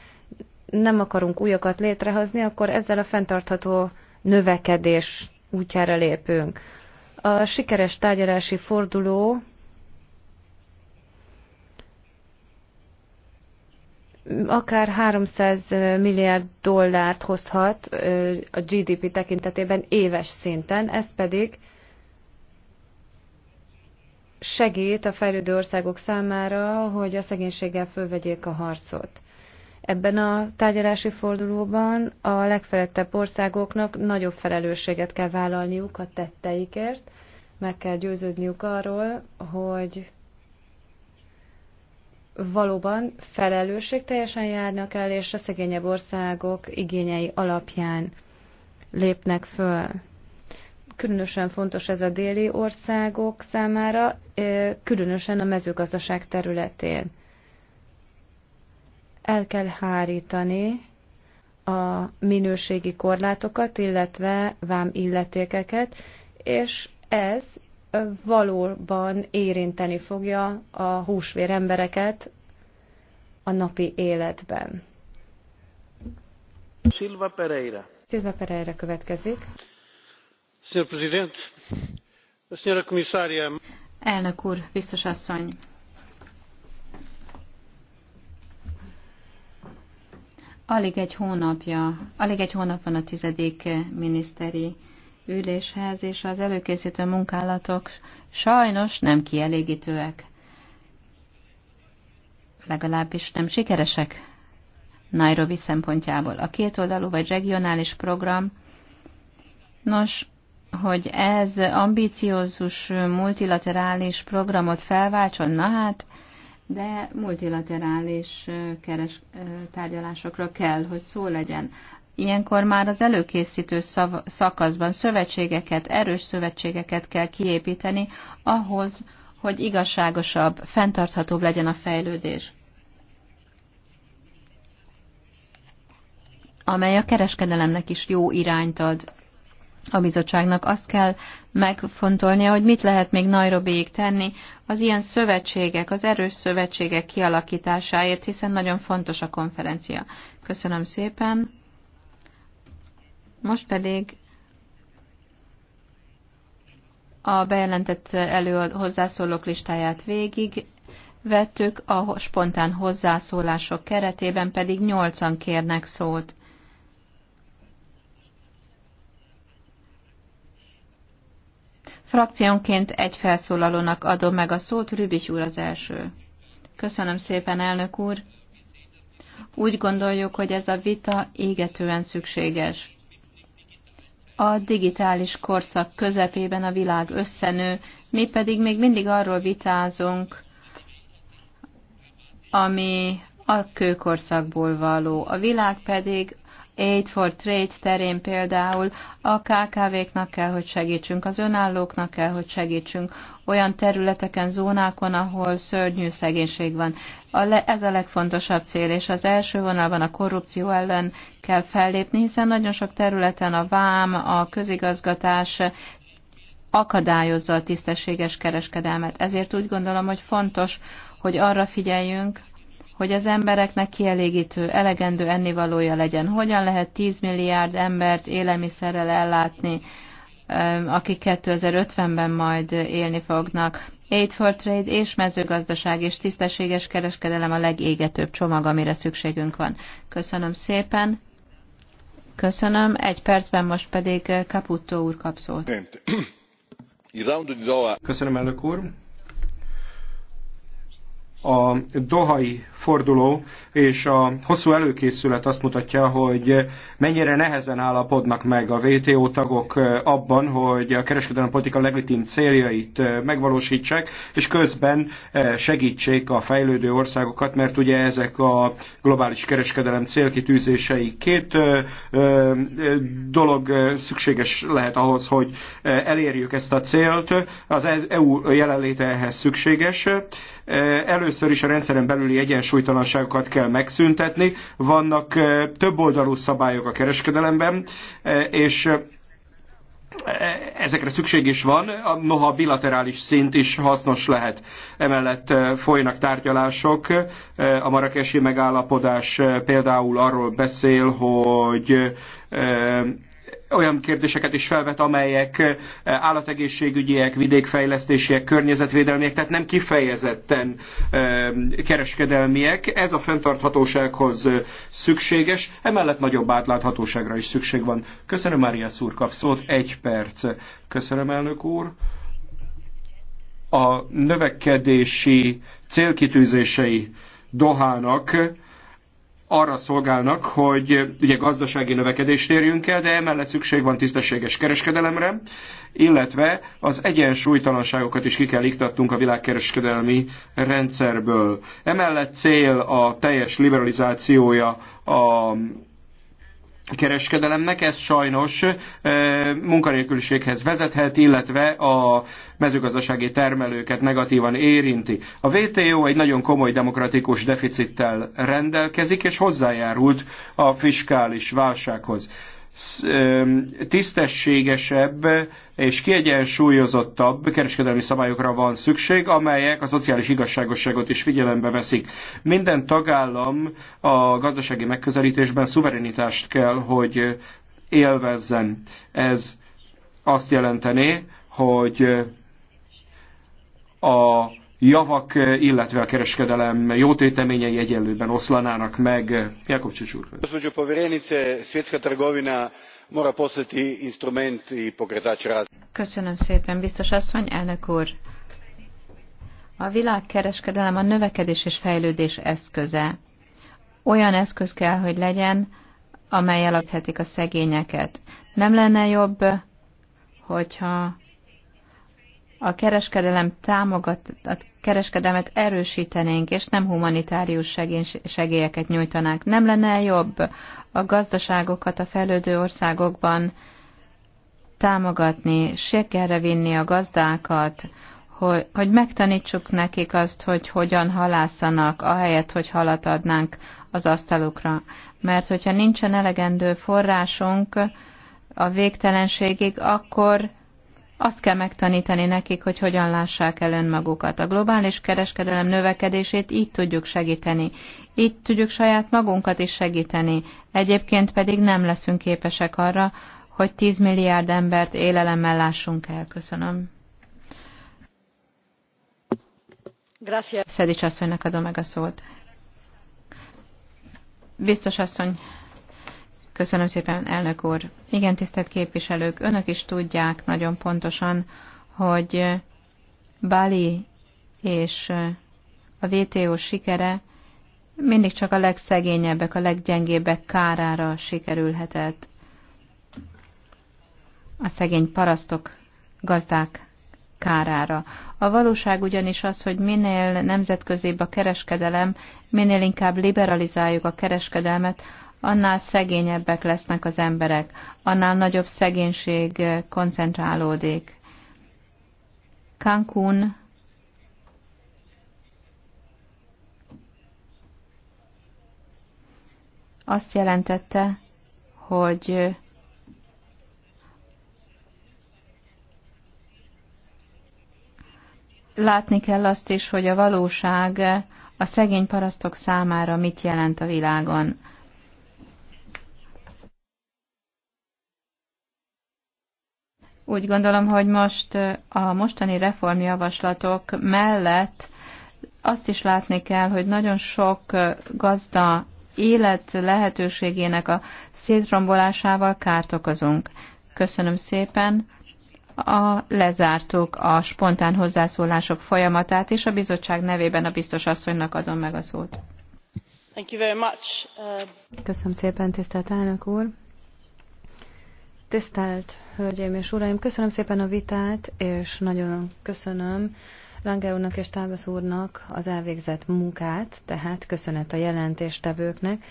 nem akarunk újakat létrehozni, akkor ezzel a fenntartható növekedés útjára lépünk. A sikeres tárgyalási forduló akár 300 milliárd dollárt hozhat a GDP tekintetében éves szinten, ez pedig segít a fejlődő országok számára, hogy a szegénységgel fölvegyék a harcot. Ebben a tárgyalási fordulóban a legfelettebb országoknak nagyobb felelősséget kell vállalniuk a tetteikért, meg kell győződniük arról, hogy valóban felelősség teljesen járnak el, és a szegényebb országok igényei alapján lépnek föl. Különösen fontos ez a déli országok számára, különösen a mezőgazdaság területén. El kell hárítani a minőségi korlátokat, illetve vám illetékeket, és ez valóban érinteni fogja a húsvér embereket a napi életben. Silva Pereira. Silva Pereira következik. Sr. President, Sra. komisária. Elnök úr, biztos asszony. Alig egy hónapja, alig egy hónap van a tizedik miniszteri üléshez, és az előkészítő munkálatok sajnos nem kielégítőek. Legalábbis nem sikeresek Nairobi szempontjából. A kétoldalú vagy regionális program, nos, hogy ez ambíciózus multilaterális programot felváltson, na hát, de multilaterális eh, keres, eh, tárgyalásokra kell, hogy szó legyen. Ilyenkor már az előkészítő szav- szakaszban szövetségeket, erős szövetségeket kell kiépíteni ahhoz, hogy igazságosabb, fenntarthatóbb legyen a fejlődés. amely a kereskedelemnek is jó irányt ad. A bizottságnak azt kell megfontolnia, hogy mit lehet még Nairobiig tenni az ilyen szövetségek, az erős szövetségek kialakításáért, hiszen nagyon fontos a konferencia. Köszönöm szépen. Most pedig a bejelentett elő hozzászólók listáját végig vettük, a spontán hozzászólások keretében pedig nyolcan kérnek szót. Frakciónként egy felszólalónak adom meg a szót, Rübis úr az első. Köszönöm szépen, elnök úr. Úgy gondoljuk, hogy ez a vita égetően szükséges a digitális korszak közepében a világ összenő, mi pedig még mindig arról vitázunk, ami a kőkorszakból való. A világ pedig Aid for Trade terén például a KKV-knak kell, hogy segítsünk, az önállóknak kell, hogy segítsünk, olyan területeken, zónákon, ahol szörnyű szegénység van. A le, ez a legfontosabb cél, és az első vonalban a korrupció ellen kell fellépni, hiszen nagyon sok területen a vám, a közigazgatás akadályozza a tisztességes kereskedelmet. Ezért úgy gondolom, hogy fontos, hogy arra figyeljünk, hogy az embereknek kielégítő, elegendő ennivalója legyen. Hogyan lehet 10 milliárd embert élelmiszerrel ellátni, akik 2050-ben majd élni fognak. Aid for Trade és mezőgazdaság és tisztességes kereskedelem a legégetőbb csomag, amire szükségünk van. Köszönöm szépen. Köszönöm. Egy percben most pedig Caputo úr kap szót. Köszönöm, elnök úr a dohai forduló és a hosszú előkészület azt mutatja, hogy mennyire nehezen állapodnak meg a WTO tagok abban, hogy a kereskedelmi politika legitim céljait megvalósítsák, és közben segítsék a fejlődő országokat, mert ugye ezek a globális kereskedelem célkitűzései két dolog szükséges lehet ahhoz, hogy elérjük ezt a célt. Az EU jelenléte ehhez szükséges, Először is a rendszeren belüli egyensúlytalanságokat kell megszüntetni, vannak többoldalú szabályok a kereskedelemben, és ezekre szükség is van, noha a bilaterális szint is hasznos lehet. Emellett folynak tárgyalások, a marakesi megállapodás például arról beszél, hogy olyan kérdéseket is felvet, amelyek állategészségügyiek, vidékfejlesztésiek, környezetvédelmiek, tehát nem kifejezetten kereskedelmiek. Ez a fenntarthatósághoz szükséges, emellett nagyobb átláthatóságra is szükség van. Köszönöm, Máriás úr, kap szót. Egy perc. Köszönöm, elnök úr a növekedési célkitűzései Dohának arra szolgálnak, hogy ugye gazdasági növekedést érjünk el, de emellett szükség van tisztességes kereskedelemre, illetve az egyensúlytalanságokat is ki kell iktatnunk a világkereskedelmi rendszerből. Emellett cél a teljes liberalizációja a kereskedelemnek, ez sajnos munkanélküliséghez vezethet, illetve a mezőgazdasági termelőket negatívan érinti. A WTO egy nagyon komoly demokratikus deficittel rendelkezik, és hozzájárult a fiskális válsághoz tisztességesebb és kiegyensúlyozottabb kereskedelmi szabályokra van szükség, amelyek a szociális igazságosságot is figyelembe veszik. Minden tagállam a gazdasági megközelítésben szuverenitást kell, hogy élvezzen. Ez azt jelenteni, hogy a javak, illetve a kereskedelem jótéteményei egyenlőben oszlanának meg. Jakob úr. Gospođo povjerenice, svjetska trgovina mora instrument i Köszönöm szépen, biztos asszony, elnök úr. A világkereskedelem a növekedés és fejlődés eszköze. Olyan eszköz kell, hogy legyen, amely alaphetik a szegényeket. Nem lenne jobb, hogyha a kereskedelem támogat, a kereskedelmet erősítenénk, és nem humanitárius segélyeket nyújtanánk. Nem lenne jobb a gazdaságokat a fejlődő országokban támogatni, sikerre vinni a gazdákat, hogy, hogy megtanítsuk nekik azt, hogy hogyan halászanak, ahelyett, hogy halat adnánk az asztalukra. Mert hogyha nincsen elegendő forrásunk a végtelenségig, akkor azt kell megtanítani nekik, hogy hogyan lássák el önmagukat. A globális kereskedelem növekedését így tudjuk segíteni. Így tudjuk saját magunkat is segíteni. Egyébként pedig nem leszünk képesek arra, hogy 10 milliárd embert élelemmel lássunk el. Köszönöm. Szedics asszonynak adom meg a szót. Biztos asszony. Köszönöm szépen, elnök úr. Igen, tisztelt képviselők, önök is tudják nagyon pontosan, hogy Bali és a VTO sikere mindig csak a legszegényebbek, a leggyengébbek kárára sikerülhetett. A szegény parasztok, gazdák kárára. A valóság ugyanis az, hogy minél nemzetközébb a kereskedelem, minél inkább liberalizáljuk a kereskedelmet, annál szegényebbek lesznek az emberek, annál nagyobb szegénység koncentrálódik. Cancún azt jelentette, hogy látni kell azt is, hogy a valóság a szegény parasztok számára mit jelent a világon. Úgy gondolom, hogy most a mostani reformjavaslatok mellett azt is látni kell, hogy nagyon sok gazda élet lehetőségének a szétrombolásával kárt okozunk. Köszönöm szépen. A lezártuk a spontán hozzászólások folyamatát, és a bizottság nevében a biztos asszonynak adom meg a szót. Thank you very much. Uh... Köszönöm szépen, tisztelt elnök úr. Tisztelt Hölgyeim és Uraim, köszönöm szépen a vitát, és nagyon köszönöm Lange úrnak és Távasz úrnak az elvégzett munkát, tehát köszönet a jelentéstevőknek.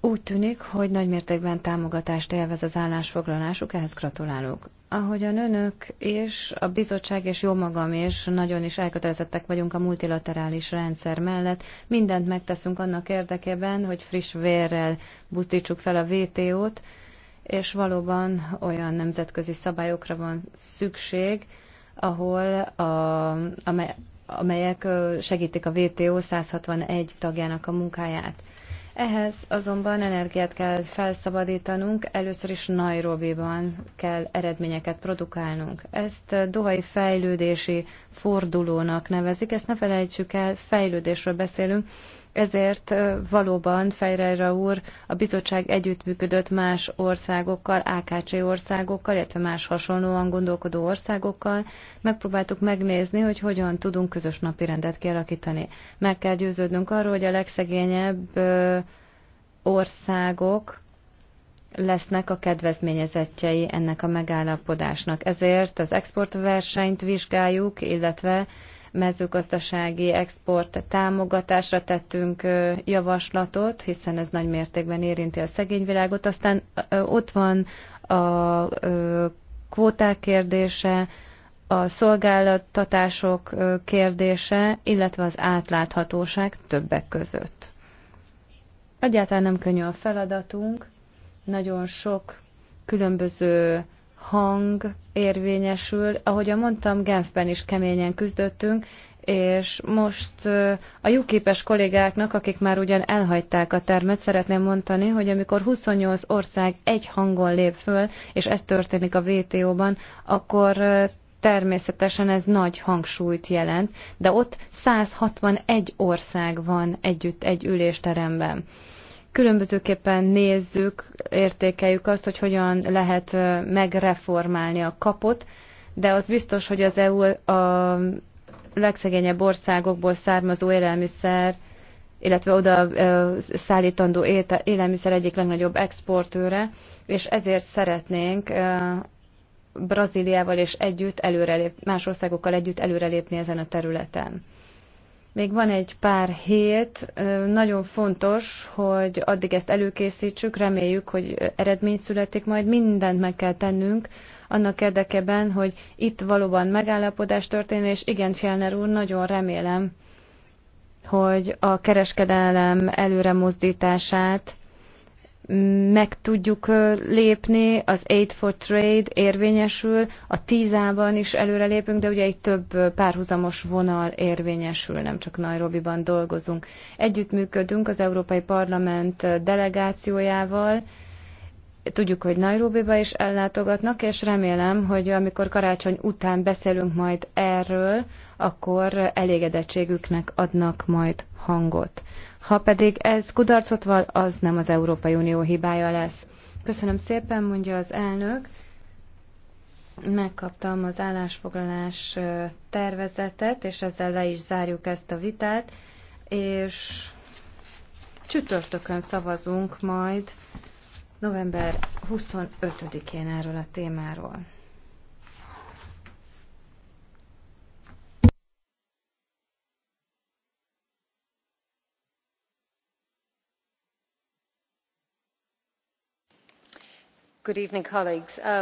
Úgy tűnik, hogy nagymértékben támogatást élvez az állásfoglalásuk, ehhez gratulálok. Ahogyan önök és a bizottság és jó magam is nagyon is elkötelezettek vagyunk a multilaterális rendszer mellett, mindent megteszünk annak érdekében, hogy friss vérrel buzdítsuk fel a VTO-t, és valóban olyan nemzetközi szabályokra van szükség, ahol a, amely, amelyek segítik a WTO 161 tagjának a munkáját. Ehhez azonban energiát kell felszabadítanunk, először is Nairobiban kell eredményeket produkálnunk. Ezt dohai fejlődési fordulónak nevezik, ezt ne felejtsük el, fejlődésről beszélünk, ezért valóban Fejrejra úr a bizottság együttműködött más országokkal, AKC országokkal, illetve más hasonlóan gondolkodó országokkal. Megpróbáltuk megnézni, hogy hogyan tudunk közös napi rendet kialakítani. Meg kell győződnünk arról, hogy a legszegényebb országok lesznek a kedvezményezettjei ennek a megállapodásnak. Ezért az exportversenyt vizsgáljuk, illetve mezőgazdasági export támogatásra tettünk javaslatot, hiszen ez nagy mértékben érinti a szegény világot. Aztán ott van a kvóták kérdése, a szolgáltatások kérdése, illetve az átláthatóság többek között. Egyáltalán nem könnyű a feladatunk, nagyon sok különböző hang érvényesül. Ahogyan mondtam, Genfben is keményen küzdöttünk, és most a jóképes kollégáknak, akik már ugyan elhagyták a termet, szeretném mondani, hogy amikor 28 ország egy hangon lép föl, és ez történik a WTO-ban, akkor természetesen ez nagy hangsúlyt jelent, de ott 161 ország van együtt egy ülésteremben különbözőképpen nézzük, értékeljük azt, hogy hogyan lehet megreformálni a kapot, de az biztos, hogy az EU a legszegényebb országokból származó élelmiszer, illetve oda szállítandó élelmiszer egyik legnagyobb exportőre, és ezért szeretnénk Brazíliával és együtt előrelép, más országokkal együtt előrelépni ezen a területen. Még van egy pár hét, nagyon fontos, hogy addig ezt előkészítsük, reméljük, hogy eredmény születik, majd mindent meg kell tennünk annak érdekében, hogy itt valóban megállapodás történik, és igen, Fjellner úr, nagyon remélem, hogy a kereskedelem előremozdítását meg tudjuk lépni, az Aid for Trade érvényesül, a tízában is előrelépünk, de ugye itt több párhuzamos vonal érvényesül, nem csak Nairobiban dolgozunk. Együttműködünk az Európai Parlament delegációjával, tudjuk, hogy Nairobiba is ellátogatnak, és remélem, hogy amikor karácsony után beszélünk majd erről, akkor elégedettségüknek adnak majd hangot. Ha pedig ez kudarcot val, az nem az Európai Unió hibája lesz. Köszönöm szépen, mondja az elnök. Megkaptam az állásfoglalás tervezetet, és ezzel le is zárjuk ezt a vitát, és csütörtökön szavazunk majd november 25-én erről a témáról. good evening colleagues. Um,